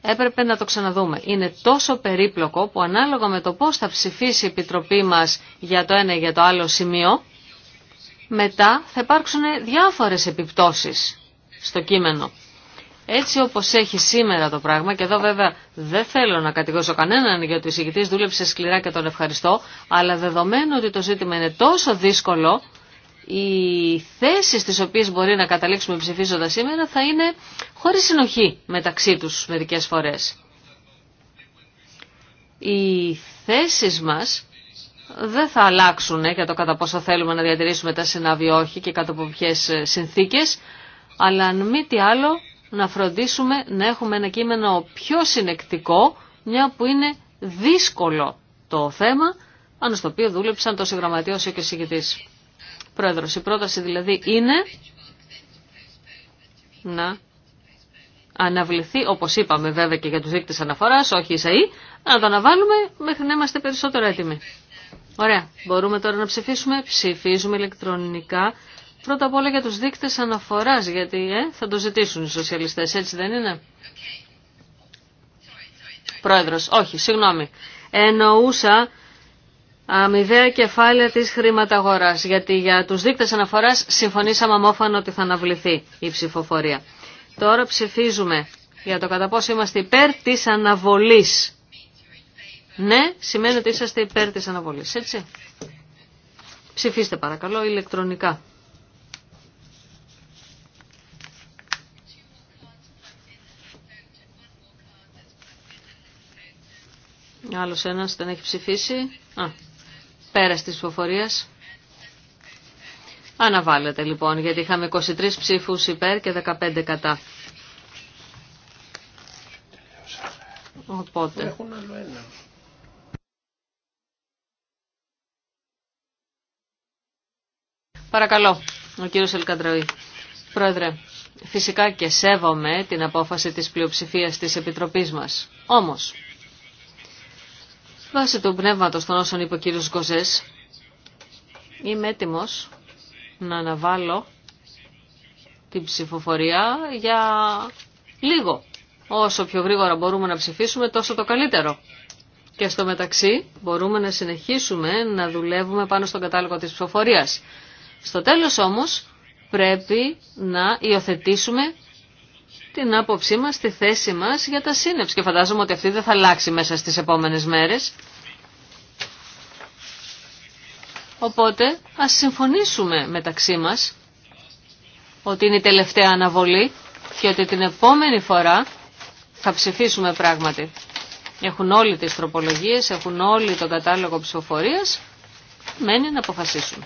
έπρεπε να το ξαναδούμε. Είναι τόσο περίπλοκο που ανάλογα με το πώς θα ψηφίσει η Επιτροπή μας για το ένα ή για το άλλο σημείο, μετά θα υπάρξουν διάφορες επιπτώσεις στο κείμενο. Έτσι όπως έχει σήμερα το πράγμα, και εδώ βέβαια δεν θέλω να κατηγορήσω κανέναν γιατί ο εισηγητής δούλεψε σκληρά και τον ευχαριστώ, αλλά δεδομένου ότι το ζήτημα είναι τόσο δύσκολο, οι θέσεις τις οποίες μπορεί να καταλήξουμε ψηφίζοντας σήμερα θα είναι χωρίς συνοχή μεταξύ τους μερικές φορές. Οι θέσεις μας δεν θα αλλάξουν για το κατά πόσο θέλουμε να διατηρήσουμε τα συνάβη όχι και κατά από ποιες συνθήκες, αλλά αν μη τι άλλο να φροντίσουμε να έχουμε ένα κείμενο πιο συνεκτικό, μια που είναι δύσκολο το θέμα, πάνω στο οποίο δούλεψαν τόσο γραμματεία όσο και συγκητής. Πρόεδρος, η πρόταση δηλαδή είναι να αναβληθεί, όπως είπαμε βέβαια και για τους δείκτες αναφοράς, όχι ΙΣΑΗ, να το αναβάλουμε μέχρι να είμαστε περισσότερο έτοιμοι. Ωραία, μπορούμε τώρα να ψηφίσουμε. Ψηφίζουμε ηλεκτρονικά Πρώτα απ' όλα για τους δείκτες αναφοράς, γιατί ε, θα το ζητήσουν οι σοσιαλιστές, έτσι δεν είναι. Πρόεδρος, όχι, συγγνώμη. Εννοούσα αμοιβαία κεφάλαια της χρηματαγοράς, γιατί για τους δείκτες αναφοράς συμφωνήσαμε αμόφανο ότι θα αναβληθεί η ψηφοφορία. Τώρα ψηφίζουμε για το κατά πόσο είμαστε υπέρ της αναβολής. Ναι, σημαίνει ότι είσαστε υπέρ της αναβολής, έτσι. Ψηφίστε παρακαλώ ηλεκτρονικά. Άλλος ένας δεν έχει ψηφίσει. Α, πέρας της ψηφοφορίας. Αναβάλλεται λοιπόν, γιατί είχαμε 23 ψήφους υπέρ και 15 κατά. Οπότε. άλλο ένα. Παρακαλώ, ο κύριος Ελκαντραουή. Πρόεδρε, φυσικά και σέβομαι την απόφαση της πλειοψηφίας της Επιτροπής μας. Όμως, Βάσει του πνεύματος των όσων είπε ο κύριος Γκοζές, είμαι έτοιμος να αναβάλω την ψηφοφορία για λίγο. Όσο πιο γρήγορα μπορούμε να ψηφίσουμε, τόσο το καλύτερο. Και στο μεταξύ μπορούμε να συνεχίσουμε να δουλεύουμε πάνω στον κατάλογο της ψηφοφορίας. Στο τέλος όμως πρέπει να υιοθετήσουμε την άποψή μας, τη θέση μας για τα σύννεψη και φαντάζομαι ότι αυτή δεν θα αλλάξει μέσα στις επόμενες μέρες. Οπότε ας συμφωνήσουμε μεταξύ μας ότι είναι η τελευταία αναβολή και ότι την επόμενη φορά θα ψηφίσουμε πράγματι. Έχουν όλοι τις τροπολογίες, έχουν όλοι τον κατάλογο ψηφοφορίας. Μένει να αποφασίσουν.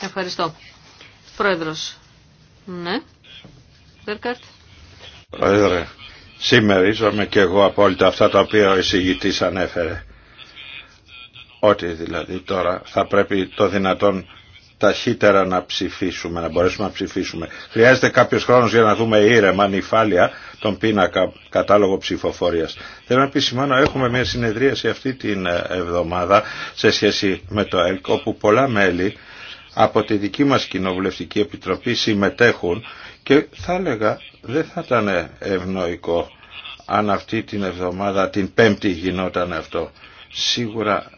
Ευχαριστώ. Πρόεδρος. Ναι. Βερκάρτ. Πρόεδρε, σήμερίζομαι και εγώ απόλυτα αυτά τα οποία ο εισηγητής ανέφερε. Ότι δηλαδή τώρα θα πρέπει το δυνατόν ταχύτερα να ψηφίσουμε, να μπορέσουμε να ψηφίσουμε. Χρειάζεται κάποιο χρόνο για να δούμε ήρεμα, νυφάλια, τον πίνακα κατάλογο ψηφοφορία. Θέλω να επισημάνω, έχουμε μια συνεδρίαση αυτή την εβδομάδα σε σχέση με το ΕΛΚ, όπου πολλά μέλη από τη δική μας κοινοβουλευτική επιτροπή συμμετέχουν και θα έλεγα δεν θα ήταν ευνοϊκό αν αυτή την εβδομάδα, την πέμπτη γινόταν αυτό. Σίγουρα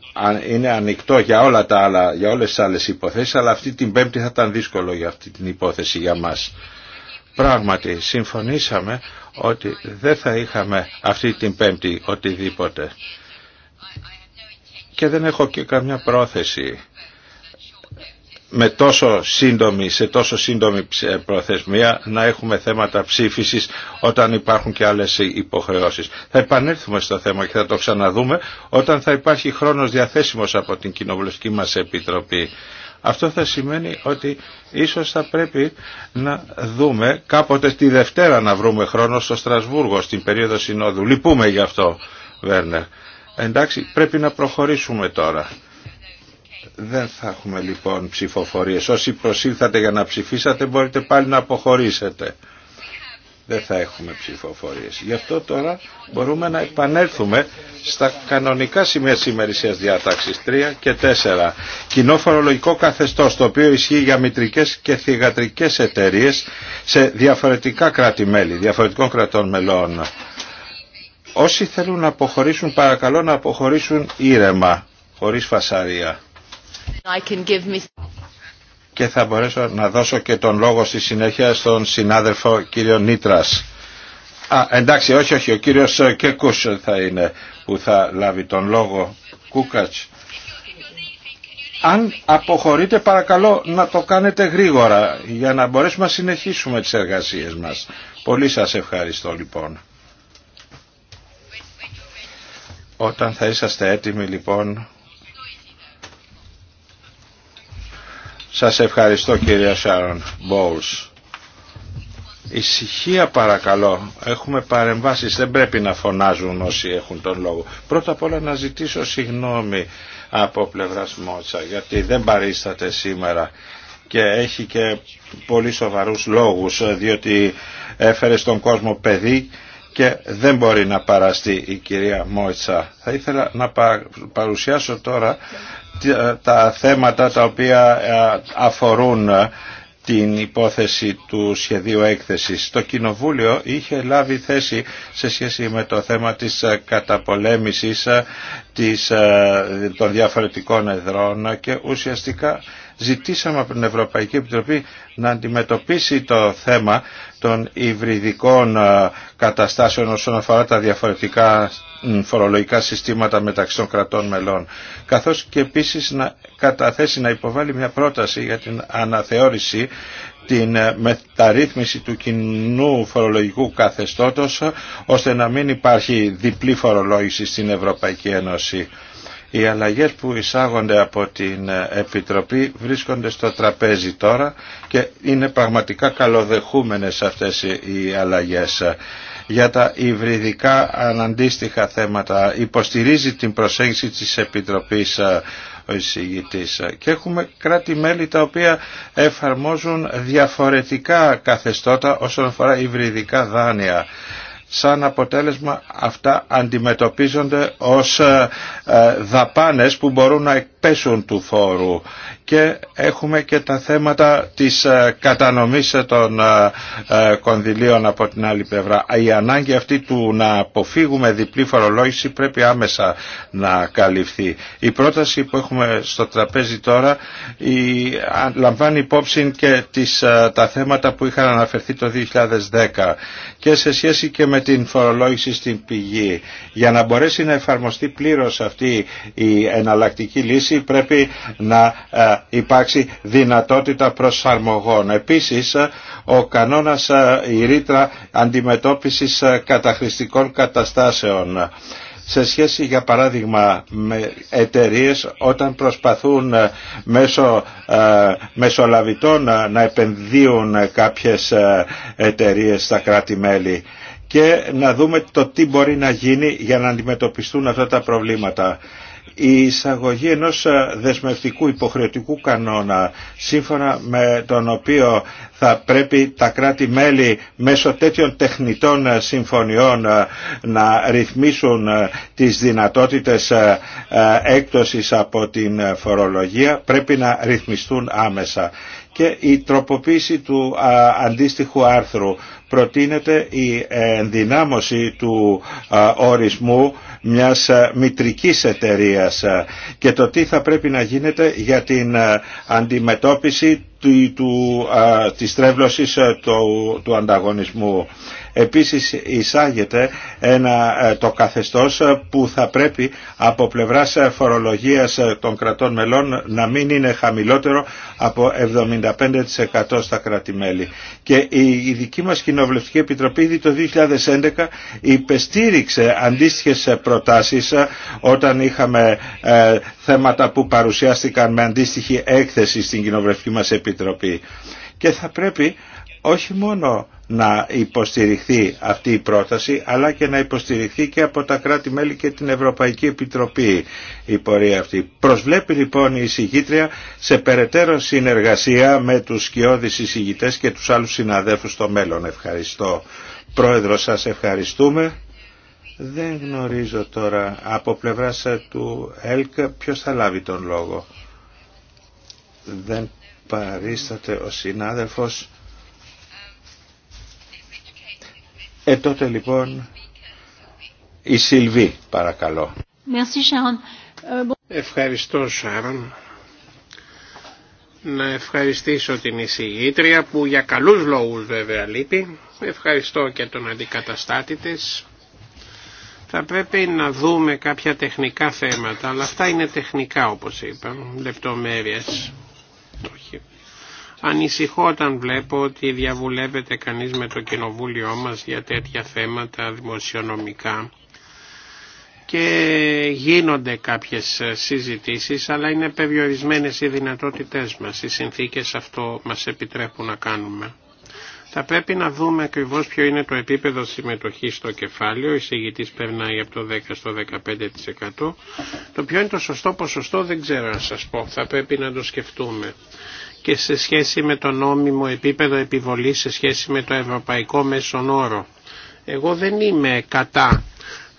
είναι ανοιχτό για, όλα τα άλλα, για όλες τις άλλες υποθέσεις, αλλά αυτή την πέμπτη θα ήταν δύσκολο για αυτή την υπόθεση για μας. Πράγματι, συμφωνήσαμε ότι δεν θα είχαμε αυτή την πέμπτη οτιδήποτε. Και δεν έχω και καμιά πρόθεση με τόσο σύντομη, σε τόσο σύντομη προθεσμία να έχουμε θέματα ψήφισης όταν υπάρχουν και άλλες υποχρεώσεις. Θα επανέλθουμε στο θέμα και θα το ξαναδούμε όταν θα υπάρχει χρόνος διαθέσιμος από την Κοινοβουλευτική μας Επιτροπή. Αυτό θα σημαίνει ότι ίσως θα πρέπει να δούμε κάποτε τη Δευτέρα να βρούμε χρόνο στο Στρασβούργο στην περίοδο συνόδου. Λυπούμε γι' αυτό, Βέρνερ. Εντάξει, πρέπει να προχωρήσουμε τώρα. Δεν θα έχουμε λοιπόν ψηφοφορίες. Όσοι προσήλθατε για να ψηφίσατε μπορείτε πάλι να αποχωρήσετε. Δεν θα έχουμε ψηφοφορίες. Γι' αυτό τώρα μπορούμε να επανέλθουμε στα κανονικά σημεία της ημερησίας διάταξης 3 και 4. Κοινό φορολογικό καθεστώς το οποίο ισχύει για μητρικές και θηγατρικές εταιρείε σε διαφορετικά κράτη-μέλη, διαφορετικών κρατών μελών. Όσοι θέλουν να αποχωρήσουν παρακαλώ να αποχωρήσουν ήρεμα, χωρίς φασαρία. Και θα μπορέσω να δώσω και τον λόγο στη συνέχεια στον συνάδελφο κύριο Νίτρας. Α, εντάξει, όχι, όχι, ο κύριος ε, Κεκούς θα είναι που θα λάβει τον λόγο. Κούκατς. Αν αποχωρείτε παρακαλώ να το κάνετε γρήγορα για να μπορέσουμε να συνεχίσουμε τις εργασίες μας. Πολύ σας ευχαριστώ λοιπόν. Όταν θα είσαστε έτοιμοι λοιπόν Σας ευχαριστώ κύριε Σάρον Μπόουλς. Ησυχία παρακαλώ. Έχουμε παρεμβάσεις. Δεν πρέπει να φωνάζουν όσοι έχουν τον λόγο. Πρώτα απ' όλα να ζητήσω συγγνώμη από πλευράς Μότσα γιατί δεν παρίσταται σήμερα και έχει και πολύ σοβαρούς λόγους διότι έφερε στον κόσμο παιδί και δεν μπορεί να παραστεί η κυρία Μόιτσα. Θα ήθελα να παρουσιάσω τώρα τα θέματα τα οποία ε, αφορούν ε, την υπόθεση του σχεδίου έκθεσης. Το Κοινοβούλιο είχε λάβει θέση σε σχέση με το θέμα της ε, καταπολέμησης των διαφορετικών εδρών και ουσιαστικά ζητήσαμε από την Ευρωπαϊκή Επιτροπή να αντιμετωπίσει το θέμα των υβριδικών ε, καταστάσεων όσον αφορά τα διαφορετικά φορολογικά συστήματα μεταξύ των κρατών μελών καθώς και επίσης να καταθέσει να υποβάλει μια πρόταση για την αναθεώρηση την ε, μεταρρύθμιση του κοινού φορολογικού καθεστώτος ώστε να μην υπάρχει διπλή φορολόγηση στην Ευρωπαϊκή Ένωση. Οι αλλαγές που εισάγονται από την ε, Επιτροπή βρίσκονται στο τραπέζι τώρα και είναι πραγματικά καλοδεχούμενες αυτές οι αλλαγές. Για τα υβριδικά αναντίστοιχα θέματα υποστηρίζει την προσέγγιση της Επιτροπής ε, ο εισηγητής. Και έχουμε κράτη-μέλη τα οποία εφαρμόζουν διαφορετικά καθεστώτα όσον αφορά υβριδικά δάνεια σαν αποτέλεσμα αυτά αντιμετωπίζονται ως ε, ε, δαπάνες που μπορούν να εκπέσουν του φόρου και έχουμε και τα θέματα της ε, κατανομής ε, των ε, κονδυλίων από την άλλη πλευρά. Η ανάγκη αυτή του να αποφύγουμε διπλή φορολόγηση πρέπει άμεσα να καλυφθεί. Η πρόταση που έχουμε στο τραπέζι τώρα η, λαμβάνει υπόψη και τις, τα θέματα που είχαν αναφερθεί το 2010 και σε σχέση και με την φορολόγηση στην πηγή. Για να μπορέσει να εφαρμοστεί πλήρως αυτή η εναλλακτική λύση πρέπει να υπάρξει δυνατότητα προσαρμογών. Επίσης, ο κανόνας, η ρήτρα αντιμετώπισης καταχρηστικών καταστάσεων σε σχέση για παράδειγμα με εταιρείες όταν προσπαθούν μέσω μεσολαβητών να επενδύουν κάποιες εταιρείες στα κράτη-μέλη και να δούμε το τι μπορεί να γίνει για να αντιμετωπιστούν αυτά τα προβλήματα η εισαγωγή ενός ε, δεσμευτικού υποχρεωτικού κανόνα σύμφωνα με τον οποίο θα πρέπει τα κράτη-μέλη μέσω τέτοιων τεχνητών ε, συμφωνιών ε, να ρυθμίσουν τις δυνατότητες έκπτωσης από την φορολογία πρέπει να ρυθμιστούν άμεσα και η τροποποίηση του αντίστοιχου άρθρου προτείνεται η ενδυνάμωση του ορισμού μιας μητρικής εταιρείας και το τι θα πρέπει να γίνεται για την αντιμετώπιση του, της τρέβλωσης του, του ανταγωνισμού. Επίσης εισάγεται ένα, ε, το καθεστώς ε, που θα πρέπει από πλευράς ε, φορολογίας των κρατών μελών να μην είναι χαμηλότερο από 75% στα κρατημέλη. Και η δική μας Κοινοβουλευτική Επιτροπή ήδη το 2011 υπεστήριξε αντίστοιχες προτάσεις όταν είχαμε θέματα που παρουσιάστηκαν με αντίστοιχη έκθεση στην Κοινοβουλευτική μας Επιτροπή. Και θα πρέπει όχι μόνο να υποστηριχθεί αυτή η πρόταση αλλά και να υποστηριχθεί και από τα κράτη-μέλη και την Ευρωπαϊκή Επιτροπή η πορεία αυτή. Προσβλέπει λοιπόν η εισηγήτρια σε περαιτέρω συνεργασία με τους σκιώδεις εισηγητές και τους άλλους συναδέλφους στο μέλλον. Ευχαριστώ. Πρόεδρο σας ευχαριστούμε. Δεν γνωρίζω τώρα από πλευρά του ΕΛΚ ποιος θα λάβει τον λόγο. Δεν παρίσταται ο συνάδελφος Ε, τότε λοιπόν η Σιλβή παρακαλώ. Ε, ευχαριστώ Σάρων. Να ευχαριστήσω την εισηγήτρια που για καλούς λόγους βέβαια λείπει. Ευχαριστώ και τον αντικαταστάτη της. Θα πρέπει να δούμε κάποια τεχνικά θέματα, αλλά αυτά είναι τεχνικά όπως είπα, λεπτομέρειες. Όχι. Ανησυχώ όταν βλέπω ότι διαβουλεύεται κανείς με το κοινοβούλιο μας για τέτοια θέματα δημοσιονομικά και γίνονται κάποιες συζητήσεις αλλά είναι περιορισμένες οι δυνατότητές μας. Οι συνθήκες αυτό μας επιτρέπουν να κάνουμε. Θα πρέπει να δούμε ακριβώ ποιο είναι το επίπεδο συμμετοχή στο κεφάλαιο. Η συγητή περνάει από το 10% στο 15%. Το ποιο είναι το σωστό ποσοστό δεν ξέρω να σα πω. Θα πρέπει να το σκεφτούμε και σε σχέση με το νόμιμο επίπεδο επιβολής σε σχέση με το ευρωπαϊκό μέσον όρο. Εγώ δεν είμαι κατά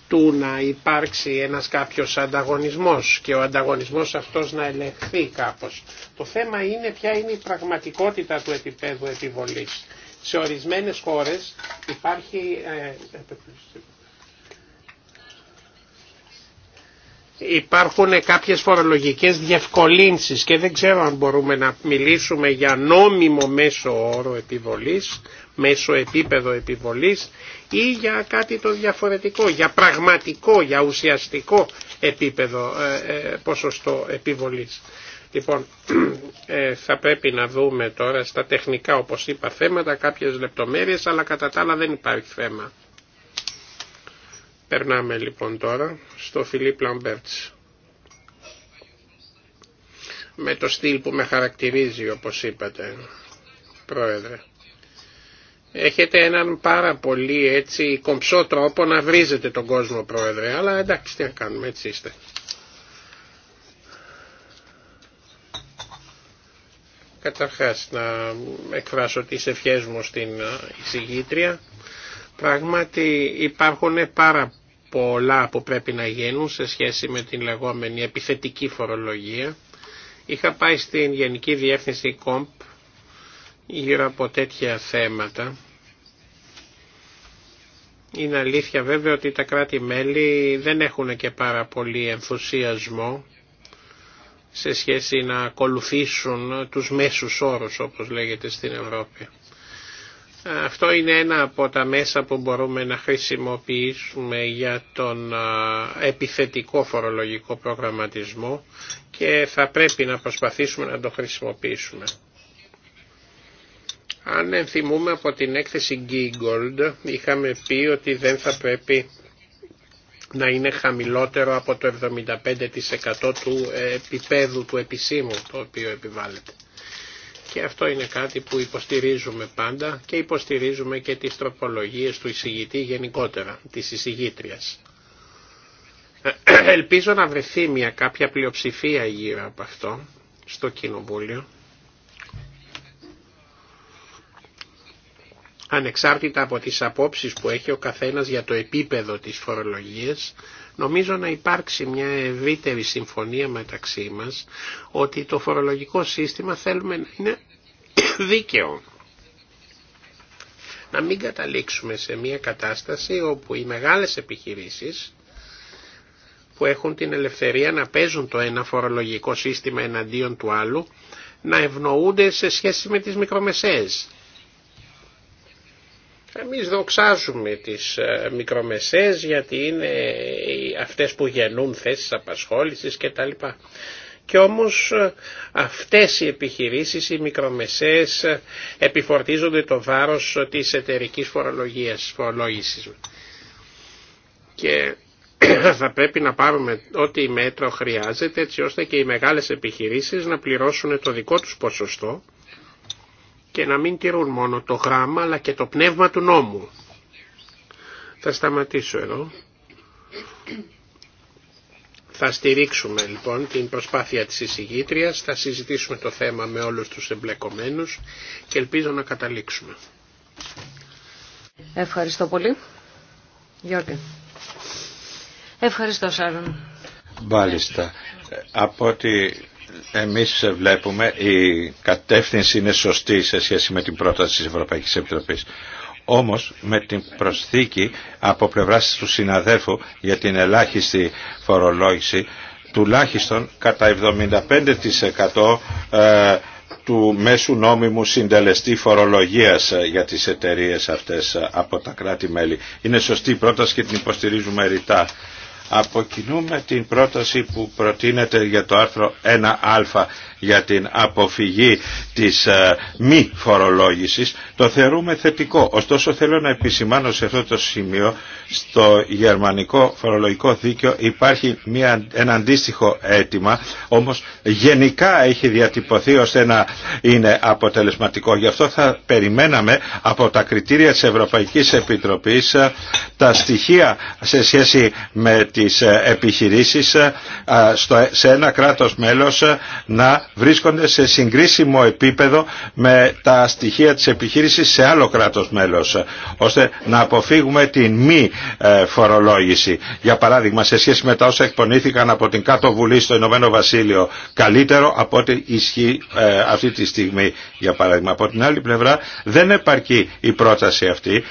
του να υπάρξει ένας κάποιος ανταγωνισμός και ο ανταγωνισμός αυτός να ελεγχθεί κάπως. Το θέμα είναι ποια είναι η πραγματικότητα του επίπεδου επιβολής. Σε ορισμένες χώρες υπάρχει ε, υπάρχουν κάποιες φορολογικές διευκολύνσεις και δεν ξέρω αν μπορούμε να μιλήσουμε για νόμιμο μέσο όρο επιβολής, μέσο επίπεδο επιβολής ή για κάτι το διαφορετικό, για πραγματικό, για ουσιαστικό επίπεδο, ε, ε, ποσοστό επιβολής. Λοιπόν, ε, θα πρέπει να δούμε τώρα στα τεχνικά, όπως είπα, θέματα, κάποιες λεπτομέρειες, αλλά κατά τα άλλα δεν υπάρχει θέμα. Περνάμε λοιπόν τώρα στο Φιλίπ Λαμπέρτς. Με το στυλ που με χαρακτηρίζει όπως είπατε, Πρόεδρε. Έχετε έναν πάρα πολύ έτσι κομψό τρόπο να βρίζετε τον κόσμο, Πρόεδρε. Αλλά εντάξει, τι να κάνουμε, έτσι είστε. Καταρχάς να εκφράσω τις ευχές μου στην ε, εισηγήτρια Πράγματι υπάρχουν πάρα πολλά που πρέπει να γίνουν σε σχέση με την λεγόμενη επιθετική φορολογία. Είχα πάει στην Γενική Διεύθυνση ΚΟΜΠ γύρω από τέτοια θέματα. Είναι αλήθεια βέβαια ότι τα κράτη-μέλη δεν έχουν και πάρα πολύ ενθουσιασμό σε σχέση να ακολουθήσουν τους μέσους όρους όπως λέγεται στην Ευρώπη. Αυτό είναι ένα από τα μέσα που μπορούμε να χρησιμοποιήσουμε για τον επιθετικό φορολογικό προγραμματισμό και θα πρέπει να προσπαθήσουμε να το χρησιμοποιήσουμε. Αν ενθυμούμε από την έκθεση Giggold, είχαμε πει ότι δεν θα πρέπει να είναι χαμηλότερο από το 75% του ε, επίπεδου του επισήμου το οποίο επιβάλλεται. Και αυτό είναι κάτι που υποστηρίζουμε πάντα και υποστηρίζουμε και τις τροπολογίες του εισηγητή γενικότερα, της εισηγήτριας. Ε, ελπίζω να βρεθεί μια κάποια πλειοψηφία γύρω από αυτό στο Κοινοβούλιο. Ανεξάρτητα από τις απόψεις που έχει ο καθένας για το επίπεδο της φορολογίας, Νομίζω να υπάρξει μια ευρύτερη συμφωνία μεταξύ μας ότι το φορολογικό σύστημα θέλουμε να είναι δίκαιο. Να μην καταλήξουμε σε μια κατάσταση όπου οι μεγάλες επιχειρήσεις που έχουν την ελευθερία να παίζουν το ένα φορολογικό σύστημα εναντίον του άλλου να ευνοούνται σε σχέση με τις μικρομεσαίες. Εμείς δοξάζουμε τις ε, μικρομεσές γιατί είναι αυτές που γεννούν θέσεις απασχόλησης κτλ. Κι όμως ε, αυτές οι επιχειρήσεις, οι μικρομεσαίες, ε, επιφορτίζονται το βάρος της εταιρικής φορολογίας, φορολόγησης. Και θα πρέπει να πάρουμε ό,τι μέτρο χρειάζεται έτσι ώστε και οι μεγάλες επιχειρήσεις να πληρώσουν το δικό τους ποσοστό και να μην τηρούν μόνο το γράμμα αλλά και το πνεύμα του νόμου. Θα σταματήσω εδώ. Θα στηρίξουμε λοιπόν την προσπάθεια της εισηγήτριας, θα συζητήσουμε το θέμα με όλους τους εμπλεκομένους και ελπίζω να καταλήξουμε. Ευχαριστώ πολύ. Γιώργη. Ευχαριστώ Σάρων. Μάλιστα. Από ότι εμείς βλέπουμε η κατεύθυνση είναι σωστή σε σχέση με την πρόταση της Ευρωπαϊκής Επιτροπής. Όμως με την προσθήκη από πλευράς του συναδέλφου για την ελάχιστη φορολόγηση τουλάχιστον κατά 75% ε, του μέσου νόμιμου συντελεστή φορολογίας ε, για τις εταιρείες αυτές ε, από τα κράτη-μέλη. Είναι σωστή η πρόταση και την υποστηρίζουμε ρητά. Αποκινούμε την πρόταση που προτείνεται για το άρθρο 1α για την αποφυγή της ε, μη φορολόγησης το θεωρούμε θετικό. Ωστόσο θέλω να επισημάνω σε αυτό το σημείο στο γερμανικό φορολογικό δίκαιο υπάρχει μια, ένα αντίστοιχο αίτημα όμως γενικά έχει διατυπωθεί ώστε να είναι αποτελεσματικό. Γι' αυτό θα περιμέναμε από τα κριτήρια της Ευρωπαϊκής Επιτροπής ε, τα στοιχεία σε σχέση με τις ε, επιχειρήσεις σε ένα κράτος μέλος να βρίσκονται σε συγκρίσιμο επίπεδο με τα στοιχεία της επιχείρησης σε άλλο κράτος μέλος, ώστε να αποφύγουμε την μη ε, φορολόγηση. Για παράδειγμα, σε σχέση με τα όσα εκπονήθηκαν από την Κάτω Βουλή στο Ηνωμένο Βασίλειο, καλύτερο από ό,τι ισχύει ε, αυτή τη στιγμή, για παράδειγμα. Από την άλλη πλευρά, δεν επαρκεί η πρόταση αυτή,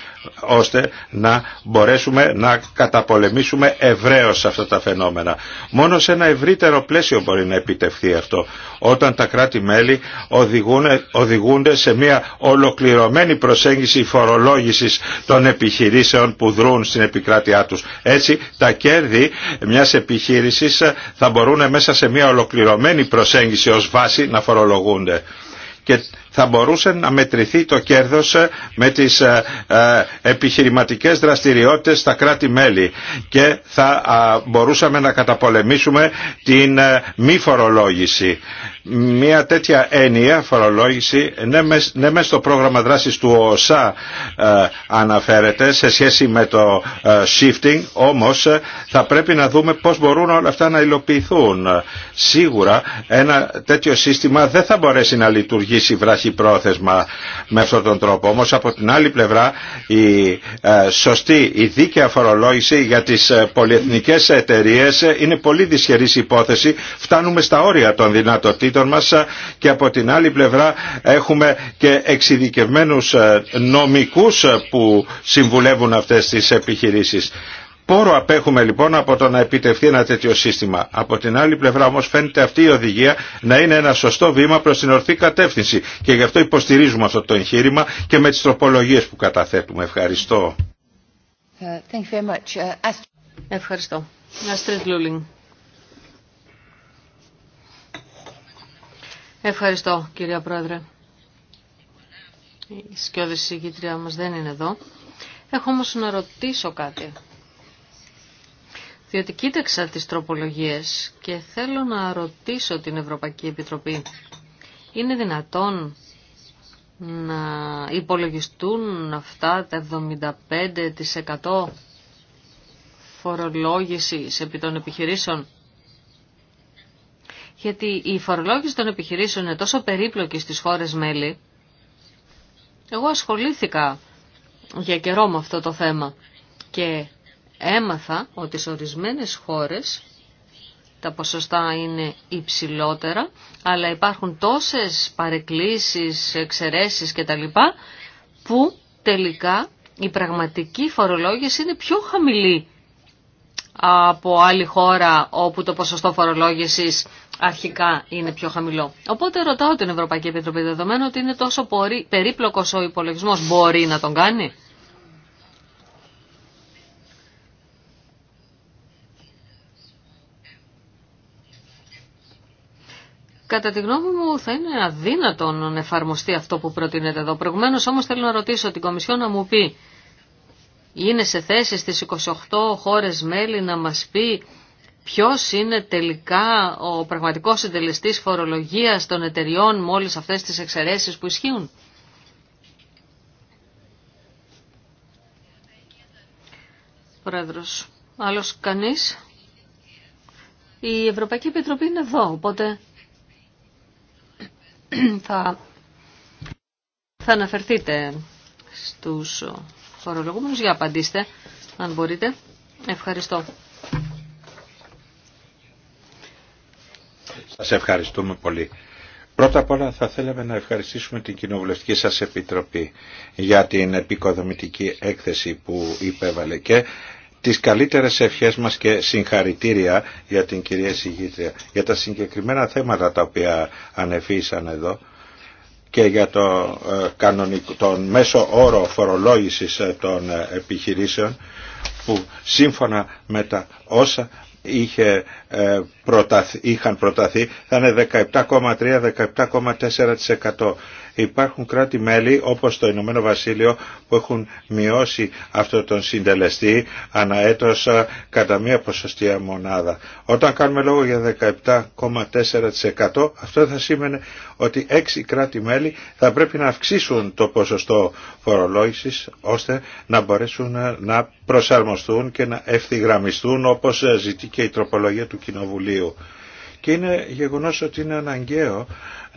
ώστε να μπορέσουμε να καταπολεμήσουμε ευρέως αυτά τα φαινόμενα. Μόνο σε ένα ευρύτερο πλαίσιο μπορεί να επιτευχθεί αυτό. Όταν τα κράτη-μέλη οδηγούνται σε μια ολοκληρωμένη προσέγγιση φορολόγησης των επιχειρήσεων που δρούν στην επικράτειά τους. Έτσι τα κέρδη μιας επιχείρησης θα μπορούν μέσα σε μια ολοκληρωμένη προσέγγιση ως βάση να φορολογούνται. Και θα μπορούσε να μετρηθεί το κέρδος ε, με τις ε, ε, επιχειρηματικές δραστηριότητες στα κράτη-μέλη και θα μπορούσαμε να καταπολεμήσουμε την μη φορολόγηση. Μια τέτοια έννοια φορολόγηση ναι μες ναι, στο πρόγραμμα δράσης του ΟΣΑ αναφέρεται σε σχέση με το shifting όμως θα πρέπει να δούμε πώς μπορούν όλα αυτά να υλοποιηθούν. Σίγουρα ένα τέτοιο σύστημα δεν θα μπορέσει να λειτουργήσει βράχη πρόθεσμα με αυτόν τον τρόπο. Όμως από την άλλη πλευρά η ε, σωστή, η δίκαια φορολόγηση για τις ε, πολυεθνικές εταιρείε ε, είναι πολύ δυσχερής υπόθεση. Φτάνουμε στα όρια των δυνατοτήτων μας και από την άλλη πλευρά έχουμε και εξειδικευμένους νομικούς που συμβουλεύουν αυτές τις επιχειρήσεις πόρο απέχουμε λοιπόν από το να επιτευχθεί ένα τέτοιο σύστημα. Από την άλλη πλευρά όμως φαίνεται αυτή η οδηγία να είναι ένα σωστό βήμα προς την ορθή κατεύθυνση και γι' αυτό υποστηρίζουμε αυτό το εγχείρημα και με τις τροπολογίες που καταθέτουμε. Ευχαριστώ. Ε, ε, Ευχαριστώ. Ευχαριστώ κυρία Πρόεδρε. Η σκιώδηση συγκήτρια μας δεν είναι εδώ. Έχω όμως να ρωτήσω κάτι. Διότι κοίταξα τις τροπολογίες και θέλω να ρωτήσω την Ευρωπαϊκή Επιτροπή. Είναι δυνατόν να υπολογιστούν αυτά τα 75% φορολόγησης επί των επιχειρήσεων. Γιατί η φορολόγηση των επιχειρήσεων είναι τόσο περίπλοκη στις χώρες μέλη. Εγώ ασχολήθηκα για καιρό με αυτό το θέμα και έμαθα ότι σε ορισμένες χώρες τα ποσοστά είναι υψηλότερα, αλλά υπάρχουν τόσες παρεκκλήσεις, εξαιρέσεις κτλ. που τελικά η πραγματική φορολόγηση είναι πιο χαμηλή από άλλη χώρα όπου το ποσοστό φορολόγησης αρχικά είναι πιο χαμηλό. Οπότε ρωτάω την Ευρωπαϊκή Επιτροπή δεδομένου ότι είναι τόσο περίπλοκος ο υπολογισμός. Μπορεί να τον κάνει. Κατά τη γνώμη μου θα είναι αδύνατο να εφαρμοστεί αυτό που προτείνεται εδώ. Προηγουμένως όμως θέλω να ρωτήσω την Κομισιό να μου πει είναι σε θέση στις 28 χώρες μέλη να μας πει ποιος είναι τελικά ο πραγματικός συντελεστής φορολογίας των εταιριών με όλες αυτές τις εξαιρέσεις που ισχύουν. Πρόεδρος, άλλος κανείς. Η Ευρωπαϊκή Επιτροπή είναι εδώ, οπότε θα, θα αναφερθείτε στους φορολογούμενους. Για απαντήστε, αν μπορείτε. Ευχαριστώ. Σας ευχαριστούμε πολύ. Πρώτα απ' όλα θα θέλαμε να ευχαριστήσουμε την Κοινοβουλευτική σας Επιτροπή για την επικοδομητική έκθεση που υπέβαλε και τις καλύτερες ευχές μας και συγχαρητήρια για την κυρία Συγήτρια, για τα συγκεκριμένα θέματα τα οποία ανεφίσαν εδώ και για το, ε, κανονικό, τον μέσο όρο φορολόγησης ε, των ε, επιχειρήσεων που σύμφωνα με τα όσα είχαν προταθεί θα είναι 17,3-17,4% Υπάρχουν κράτη-μέλη όπως το Ηνωμένο Βασίλειο που έχουν μειώσει αυτό τον συντελεστή αναέτος κατά μία ποσοστία μονάδα. Όταν κάνουμε λόγο για 17,4% αυτό θα σήμαινε ότι έξι κράτη-μέλη θα πρέπει να αυξήσουν το ποσοστό φορολόγησης ώστε να μπορέσουν να προσαρμοστούν και να ευθυγραμμιστούν όπως ζητεί και η τροπολογία του Κοινοβουλίου. Και είναι γεγονός ότι είναι αναγκαίο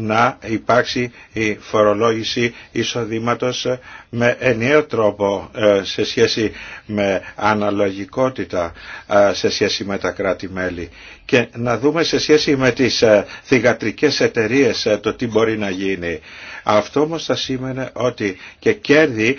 να υπάρξει η φορολόγηση εισοδήματος με ενιαίο τρόπο ε, σε σχέση με αναλογικότητα ε, σε σχέση με τα κράτη-μέλη και να δούμε σε σχέση με τις ε, θηγατρικές εταιρείες το τι μπορεί να γίνει. Αυτό όμως θα σήμαινε ότι και κέρδη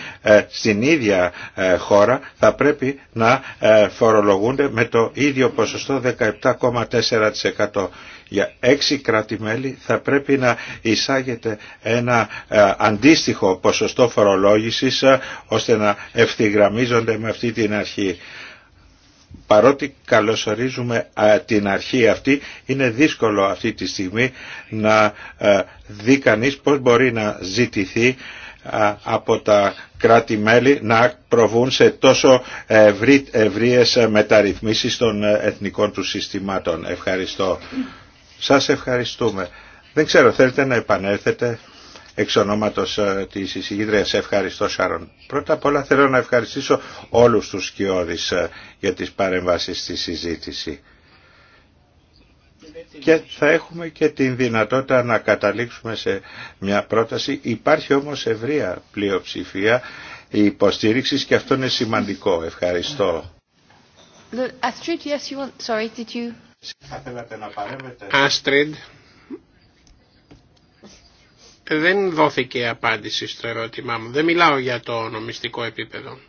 στην ίδια χώρα θα πρέπει να φορολογούνται με το ίδιο ποσοστό 17,4% για έξι κράτη-μέλη θα πρέπει να εισάγεται ένα ε, αντίστοιχο ποσοστό φορολόγησης ε, ώστε να ευθυγραμμίζονται με αυτή την αρχή. Παρότι καλωσορίζουμε ε, την αρχή αυτή, είναι δύσκολο αυτή τη στιγμή να δει κανείς πώς μπορεί να ζητηθεί από τα κράτη-μέλη να προβούν σε τόσο ευρύ, ευρύες μεταρρυθμίσεις των εθνικών του συστημάτων. Ευχαριστώ. Σας ευχαριστούμε. Δεν ξέρω, θέλετε να επανέλθετε εξ ονόματος ε, της εισηγήτριας. Ευχαριστώ Σάρων. Πρώτα απ' όλα θέλω να ευχαριστήσω όλους τους σκιώδεις ε, για τις παρεμβάσεις στη συζήτηση. Και θα έχουμε και την δυνατότητα να καταλήξουμε σε μια πρόταση. Υπάρχει όμως ευρεία πλειοψηφία υποστήριξη και αυτό είναι σημαντικό. Ευχαριστώ. Άστριντ, δεν δόθηκε απάντηση στο ερώτημά μου. Δεν μιλάω για το νομιστικό επίπεδο.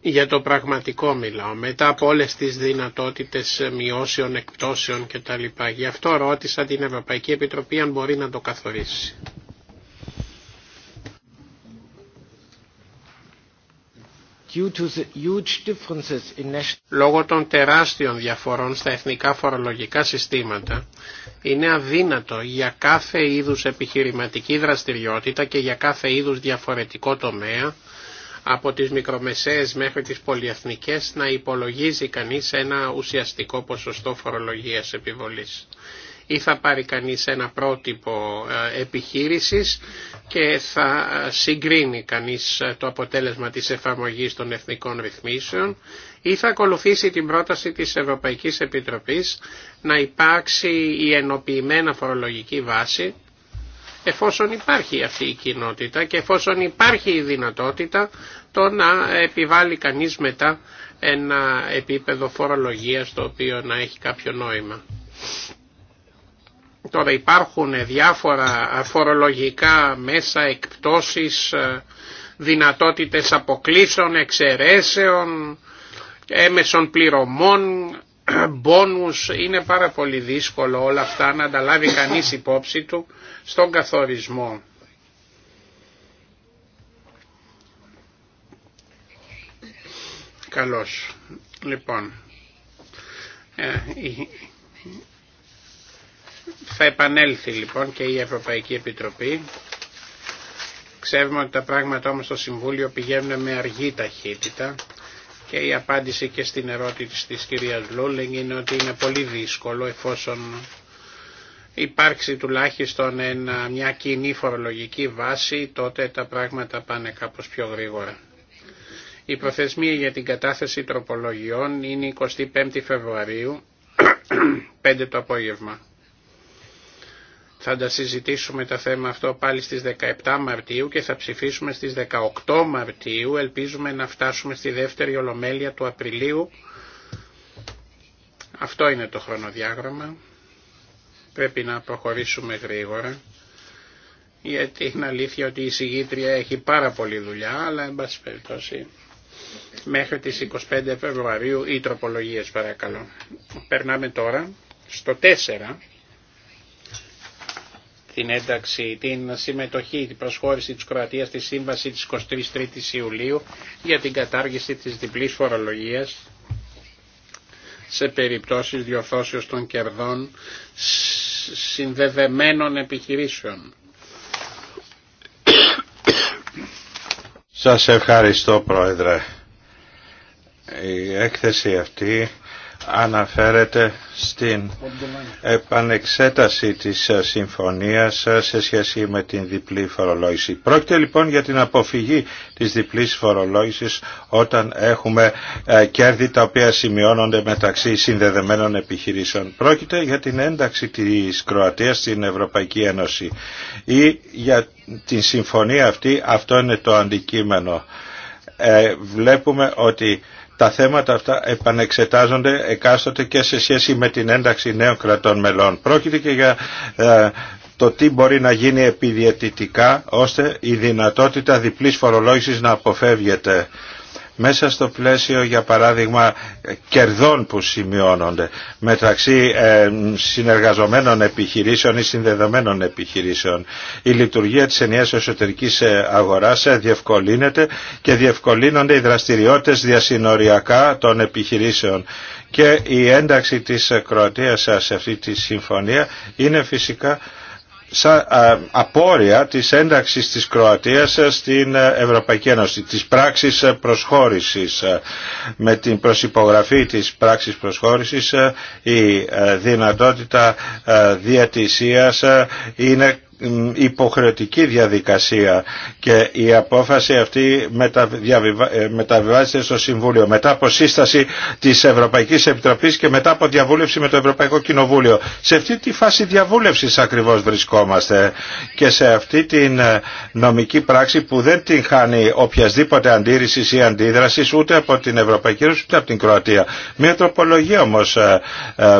Για το πραγματικό μιλάω. Μετά από όλες τις δυνατότητες μειώσεων, εκπτώσεων κτλ. Γι' αυτό ρώτησα την Ευρωπαϊκή Επιτροπή αν μπορεί να το καθορίσει. Λόγω των τεράστιων διαφορών στα εθνικά φορολογικά συστήματα, είναι αδύνατο για κάθε είδους επιχειρηματική δραστηριότητα και για κάθε είδους διαφορετικό τομέα, από τις μικρομεσαίες μέχρι τις πολυεθνικές, να υπολογίζει κανείς ένα ουσιαστικό ποσοστό φορολογίας επιβολής ή θα πάρει κανείς ένα πρότυπο ε, επιχείρησης και θα ε, συγκρίνει κανείς ε, το αποτέλεσμα της εφαρμογής των εθνικών ρυθμίσεων ή θα ακολουθήσει την πρόταση της Ευρωπαϊκής Επιτροπής να υπάρξει η ενοποιημένα φορολογική βάση εφόσον υπάρχει αυτή η κοινότητα και εφόσον υπάρχει η δυνατότητα το να επιβάλλει κανείς μετά ένα επίπεδο φορολογίας το οποίο να έχει κάποιο νόημα. Τώρα υπάρχουν διάφορα φορολογικά μέσα εκπτώσεις, δυνατότητες αποκλήσεων, εξαιρέσεων, έμεσων πληρωμών, μπόνους. Είναι πάρα πολύ δύσκολο όλα αυτά να τα λάβει κανείς υπόψη του στον καθορισμό. Καλώς. Λοιπόν, ε, θα επανέλθει λοιπόν και η Ευρωπαϊκή Επιτροπή. Ξέρουμε ότι τα πράγματα όμως στο Συμβούλιο πηγαίνουν με αργή ταχύτητα και η απάντηση και στην ερώτηση της κυρίας Λούλεγγ είναι ότι είναι πολύ δύσκολο εφόσον υπάρξει τουλάχιστον ένα, μια κοινή φορολογική βάση τότε τα πράγματα πάνε κάπως πιο γρήγορα. Η προθεσμία για την κατάθεση τροπολογιών είναι 25 Φεβρουαρίου, 5 το απόγευμα. Θα τα συζητήσουμε τα θέμα αυτό πάλι στις 17 Μαρτίου και θα ψηφίσουμε στις 18 Μαρτίου. Ελπίζουμε να φτάσουμε στη δεύτερη ολομέλεια του Απριλίου. Αυτό είναι το χρονοδιάγραμμα. Πρέπει να προχωρήσουμε γρήγορα. Γιατί είναι αλήθεια ότι η συγγήτρια έχει πάρα πολλή δουλειά, αλλά εν πάση περιπτώσει μέχρι τις 25 Φεβρουαρίου οι τροπολογίες παρακαλώ. Περνάμε τώρα στο 4 την ένταξη, την συμμετοχή, την προσχώρηση της Κροατίας στη σύμβαση της 23ης Ιουλίου για την κατάργηση της διπλής φορολογίας σε περιπτώσεις διορθώσεως των κερδών συνδεδεμένων επιχειρήσεων. Σας ευχαριστώ Πρόεδρε. Η έκθεση αυτή αναφέρεται στην επανεξέταση της συμφωνίας σε σχέση με την διπλή φορολόγηση. Πρόκειται λοιπόν για την αποφυγή της διπλής φορολόγησης όταν έχουμε ε, κέρδη τα οποία σημειώνονται μεταξύ συνδεδεμένων επιχειρήσεων. Πρόκειται για την ένταξη της Κροατίας στην Ευρωπαϊκή Ένωση ή για την συμφωνία αυτή αυτό είναι το αντικείμενο. Ε, βλέπουμε ότι τα θέματα αυτά επανεξετάζονται εκάστοτε και σε σχέση με την ένταξη νέων κρατών μελών. Πρόκειται και για ε, το τι μπορεί να γίνει επιδιαιτητικά ώστε η δυνατότητα διπλής φορολόγησης να αποφεύγεται μέσα στο πλαίσιο για παράδειγμα κερδών που σημειώνονται μεταξύ ε, συνεργαζομένων επιχειρήσεων ή συνδεδεμένων επιχειρήσεων. Η λειτουργία της ενιαίας εσωτερικής ε, αγοράς ε, διευκολύνεται και διευκολύνονται οι δραστηριότητες διασυνοριακά των επιχειρήσεων και η ένταξη της Κροατίας σε αυτή τη συμφωνία είναι φυσικά σαν απόρρια της ένταξης της Κροατίας στην ε, Ευρωπαϊκή Ένωση, της πράξης ε, προσχώρησης. Ε, με την προσυπογραφή της πράξης προσχώρησης η δυνατότητα διατησίας είναι υποχρεωτική διαδικασία και η απόφαση αυτή ε, μεταβιβάζεται στο Συμβούλιο μετά από σύσταση της Ευρωπαϊκής Επιτροπής και μετά από διαβούλευση με το Ευρωπαϊκό Κοινοβούλιο. Σε αυτή τη φάση διαβούλευσης ακριβώς βρισκόμαστε και σε αυτή την ε, νομική πράξη που δεν την χάνει οποιασδήποτε αντίρρηση ή αντίδραση ούτε από την Ευρωπαϊκή Ένωση ούτε από την Κροατία. Μια τροπολογία όμως ε,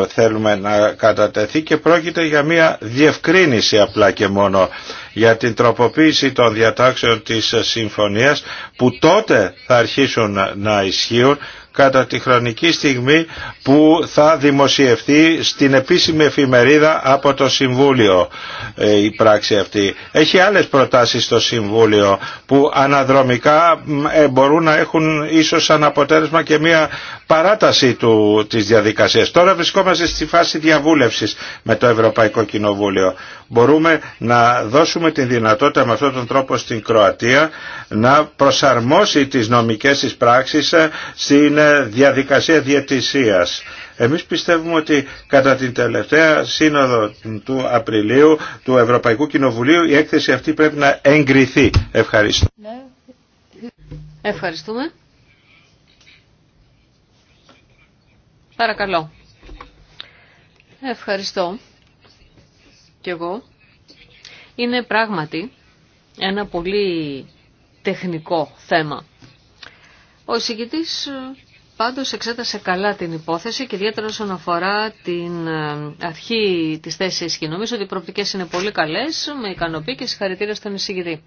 θέλουμε να κατατεθεί και πρόκειται για μια διευκρίνηση απλά και μόνο για την τροποποίηση των διατάξεων της συμφωνίας που τότε θα αρχίσουν να ισχύουν κατά τη χρονική στιγμή που θα δημοσιευτεί στην επίσημη εφημερίδα από το Συμβούλιο ε, η πράξη αυτή. Έχει άλλες προτάσεις στο Συμβούλιο που αναδρομικά ε, μπορούν να έχουν ίσως σαν αποτέλεσμα και μια παράταση του, της διαδικασίας. Τώρα βρισκόμαστε στη φάση διαβούλευσης με το Ευρωπαϊκό Κοινοβούλιο. Μπορούμε να δώσουμε τη δυνατότητα με αυτόν τον τρόπο στην Κροατία να προσαρμόσει τις νομικές της πράξεις ε, διαδικασία διαιτησίας. Εμείς πιστεύουμε ότι κατά την τελευταία σύνοδο του Απριλίου του Ευρωπαϊκού Κοινοβουλίου η έκθεση αυτή πρέπει να εγκριθεί. Ευχαριστώ. Ευχαριστούμε. Παρακαλώ. Ευχαριστώ. Κι εγώ. Είναι πράγματι ένα πολύ τεχνικό θέμα. Ο εισηγητής Πάντως εξέτασε καλά την υπόθεση και ιδιαίτερα όσον αφορά την ε, αρχή της θέσης και νομίζω ότι οι προοπτικές είναι πολύ καλές, με ικανοποιεί και συγχαρητήρια στον εισηγητή.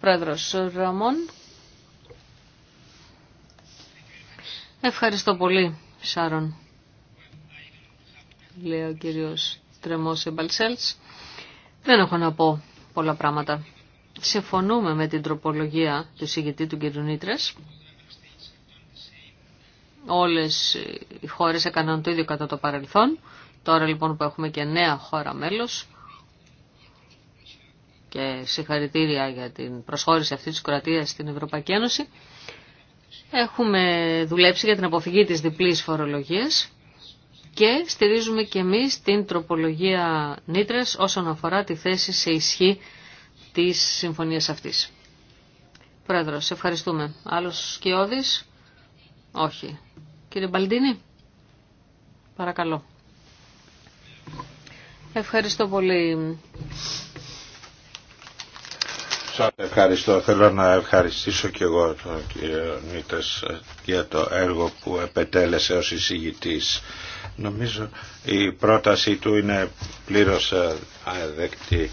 Πρόεδρος Ραμόν. Ευχαριστώ πολύ, Σάρον. Λέει ο κύριος Τρεμός Εμπαλσέλτς. Δεν έχω να πω πολλά πράγματα. Συμφωνούμε με την τροπολογία του εισηγητή του κύριου Νίτρες όλες οι χώρες έκαναν το ίδιο κατά το παρελθόν. Τώρα λοιπόν που έχουμε και νέα χώρα μέλος και συγχαρητήρια για την προσχώρηση αυτής της κρατίας στην Ευρωπαϊκή Ένωση, έχουμε δουλέψει για την αποφυγή της διπλής φορολογίας και στηρίζουμε και εμείς την τροπολογία Νίτρες όσον αφορά τη θέση σε ισχύ της συμφωνίας αυτής. Πρόεδρος, ευχαριστούμε. Άλλος σκιώδης. Όχι. Κύριε Μπαλντίνη, παρακαλώ. Ευχαριστώ πολύ. Σας ευχαριστώ. Θέλω να ευχαριστήσω και εγώ τον κύριο Νίτες για το έργο που επετέλεσε ως εισηγητής. Νομίζω η πρόταση του είναι πλήρως αεδεκτή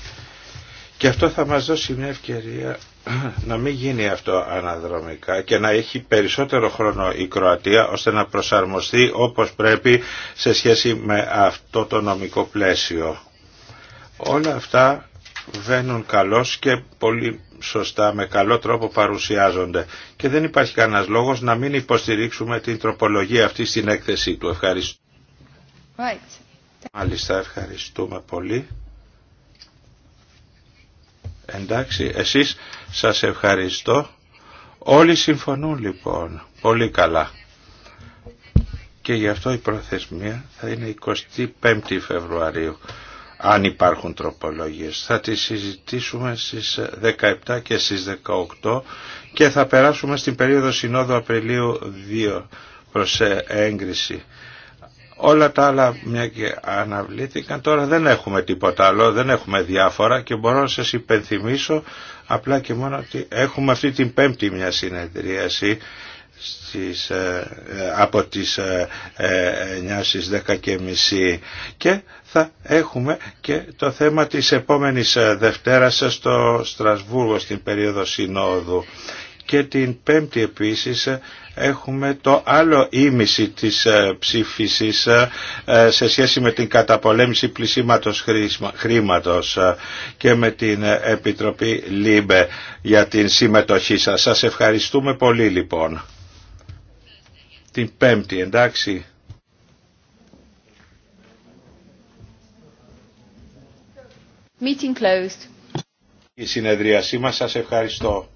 Και αυτό θα μας δώσει μια ευκαιρία να μην γίνει αυτό αναδρομικά και να έχει περισσότερο χρόνο η Κροατία ώστε να προσαρμοστεί όπως πρέπει σε σχέση με αυτό το νομικό πλαίσιο. Όλα αυτά βαίνουν καλώς και πολύ σωστά με καλό τρόπο παρουσιάζονται και δεν υπάρχει κανένας λόγος να μην υποστηρίξουμε την τροπολογία αυτή στην έκθεσή του. Ευχαριστώ. Right. Μάλιστα ευχαριστούμε πολύ. Εντάξει, εσείς σας ευχαριστώ. Όλοι συμφωνούν λοιπόν. Πολύ καλά. Και γι' αυτό η προθεσμία θα είναι 25η Φεβρουαρίου. Αν υπάρχουν τροπολογίες. Θα τις συζητήσουμε στις 17 και στις 18 και θα περάσουμε στην περίοδο Συνόδου Απριλίου 2 προς έγκριση. Όλα τα άλλα μια και αναβλήθηκαν τώρα δεν έχουμε τίποτα άλλο, δεν έχουμε διάφορα και μπορώ να σας υπενθυμίσω απλά και μόνο ότι έχουμε αυτή την πέμπτη μια συνεδρίαση ε, ε, από τις 9 ε, στις 10 και μισή και θα έχουμε και το θέμα της επόμενης Δευτέρας στο Στρασβούργο στην περίοδο Συνόδου και την πέμπτη επίσης έχουμε το άλλο ίμιση της ε, ψήφισης ε, ε, σε σχέση με την καταπολέμηση πλησίματος χρήματος και με την Επιτροπή ΛΥΜΠΕ για την συμμετοχή σας. Σας ευχαριστούμε πολύ λοιπόν. Την πέμπτη εντάξει. Meeting closed. Η συνεδρίασή μας σας ευχαριστώ.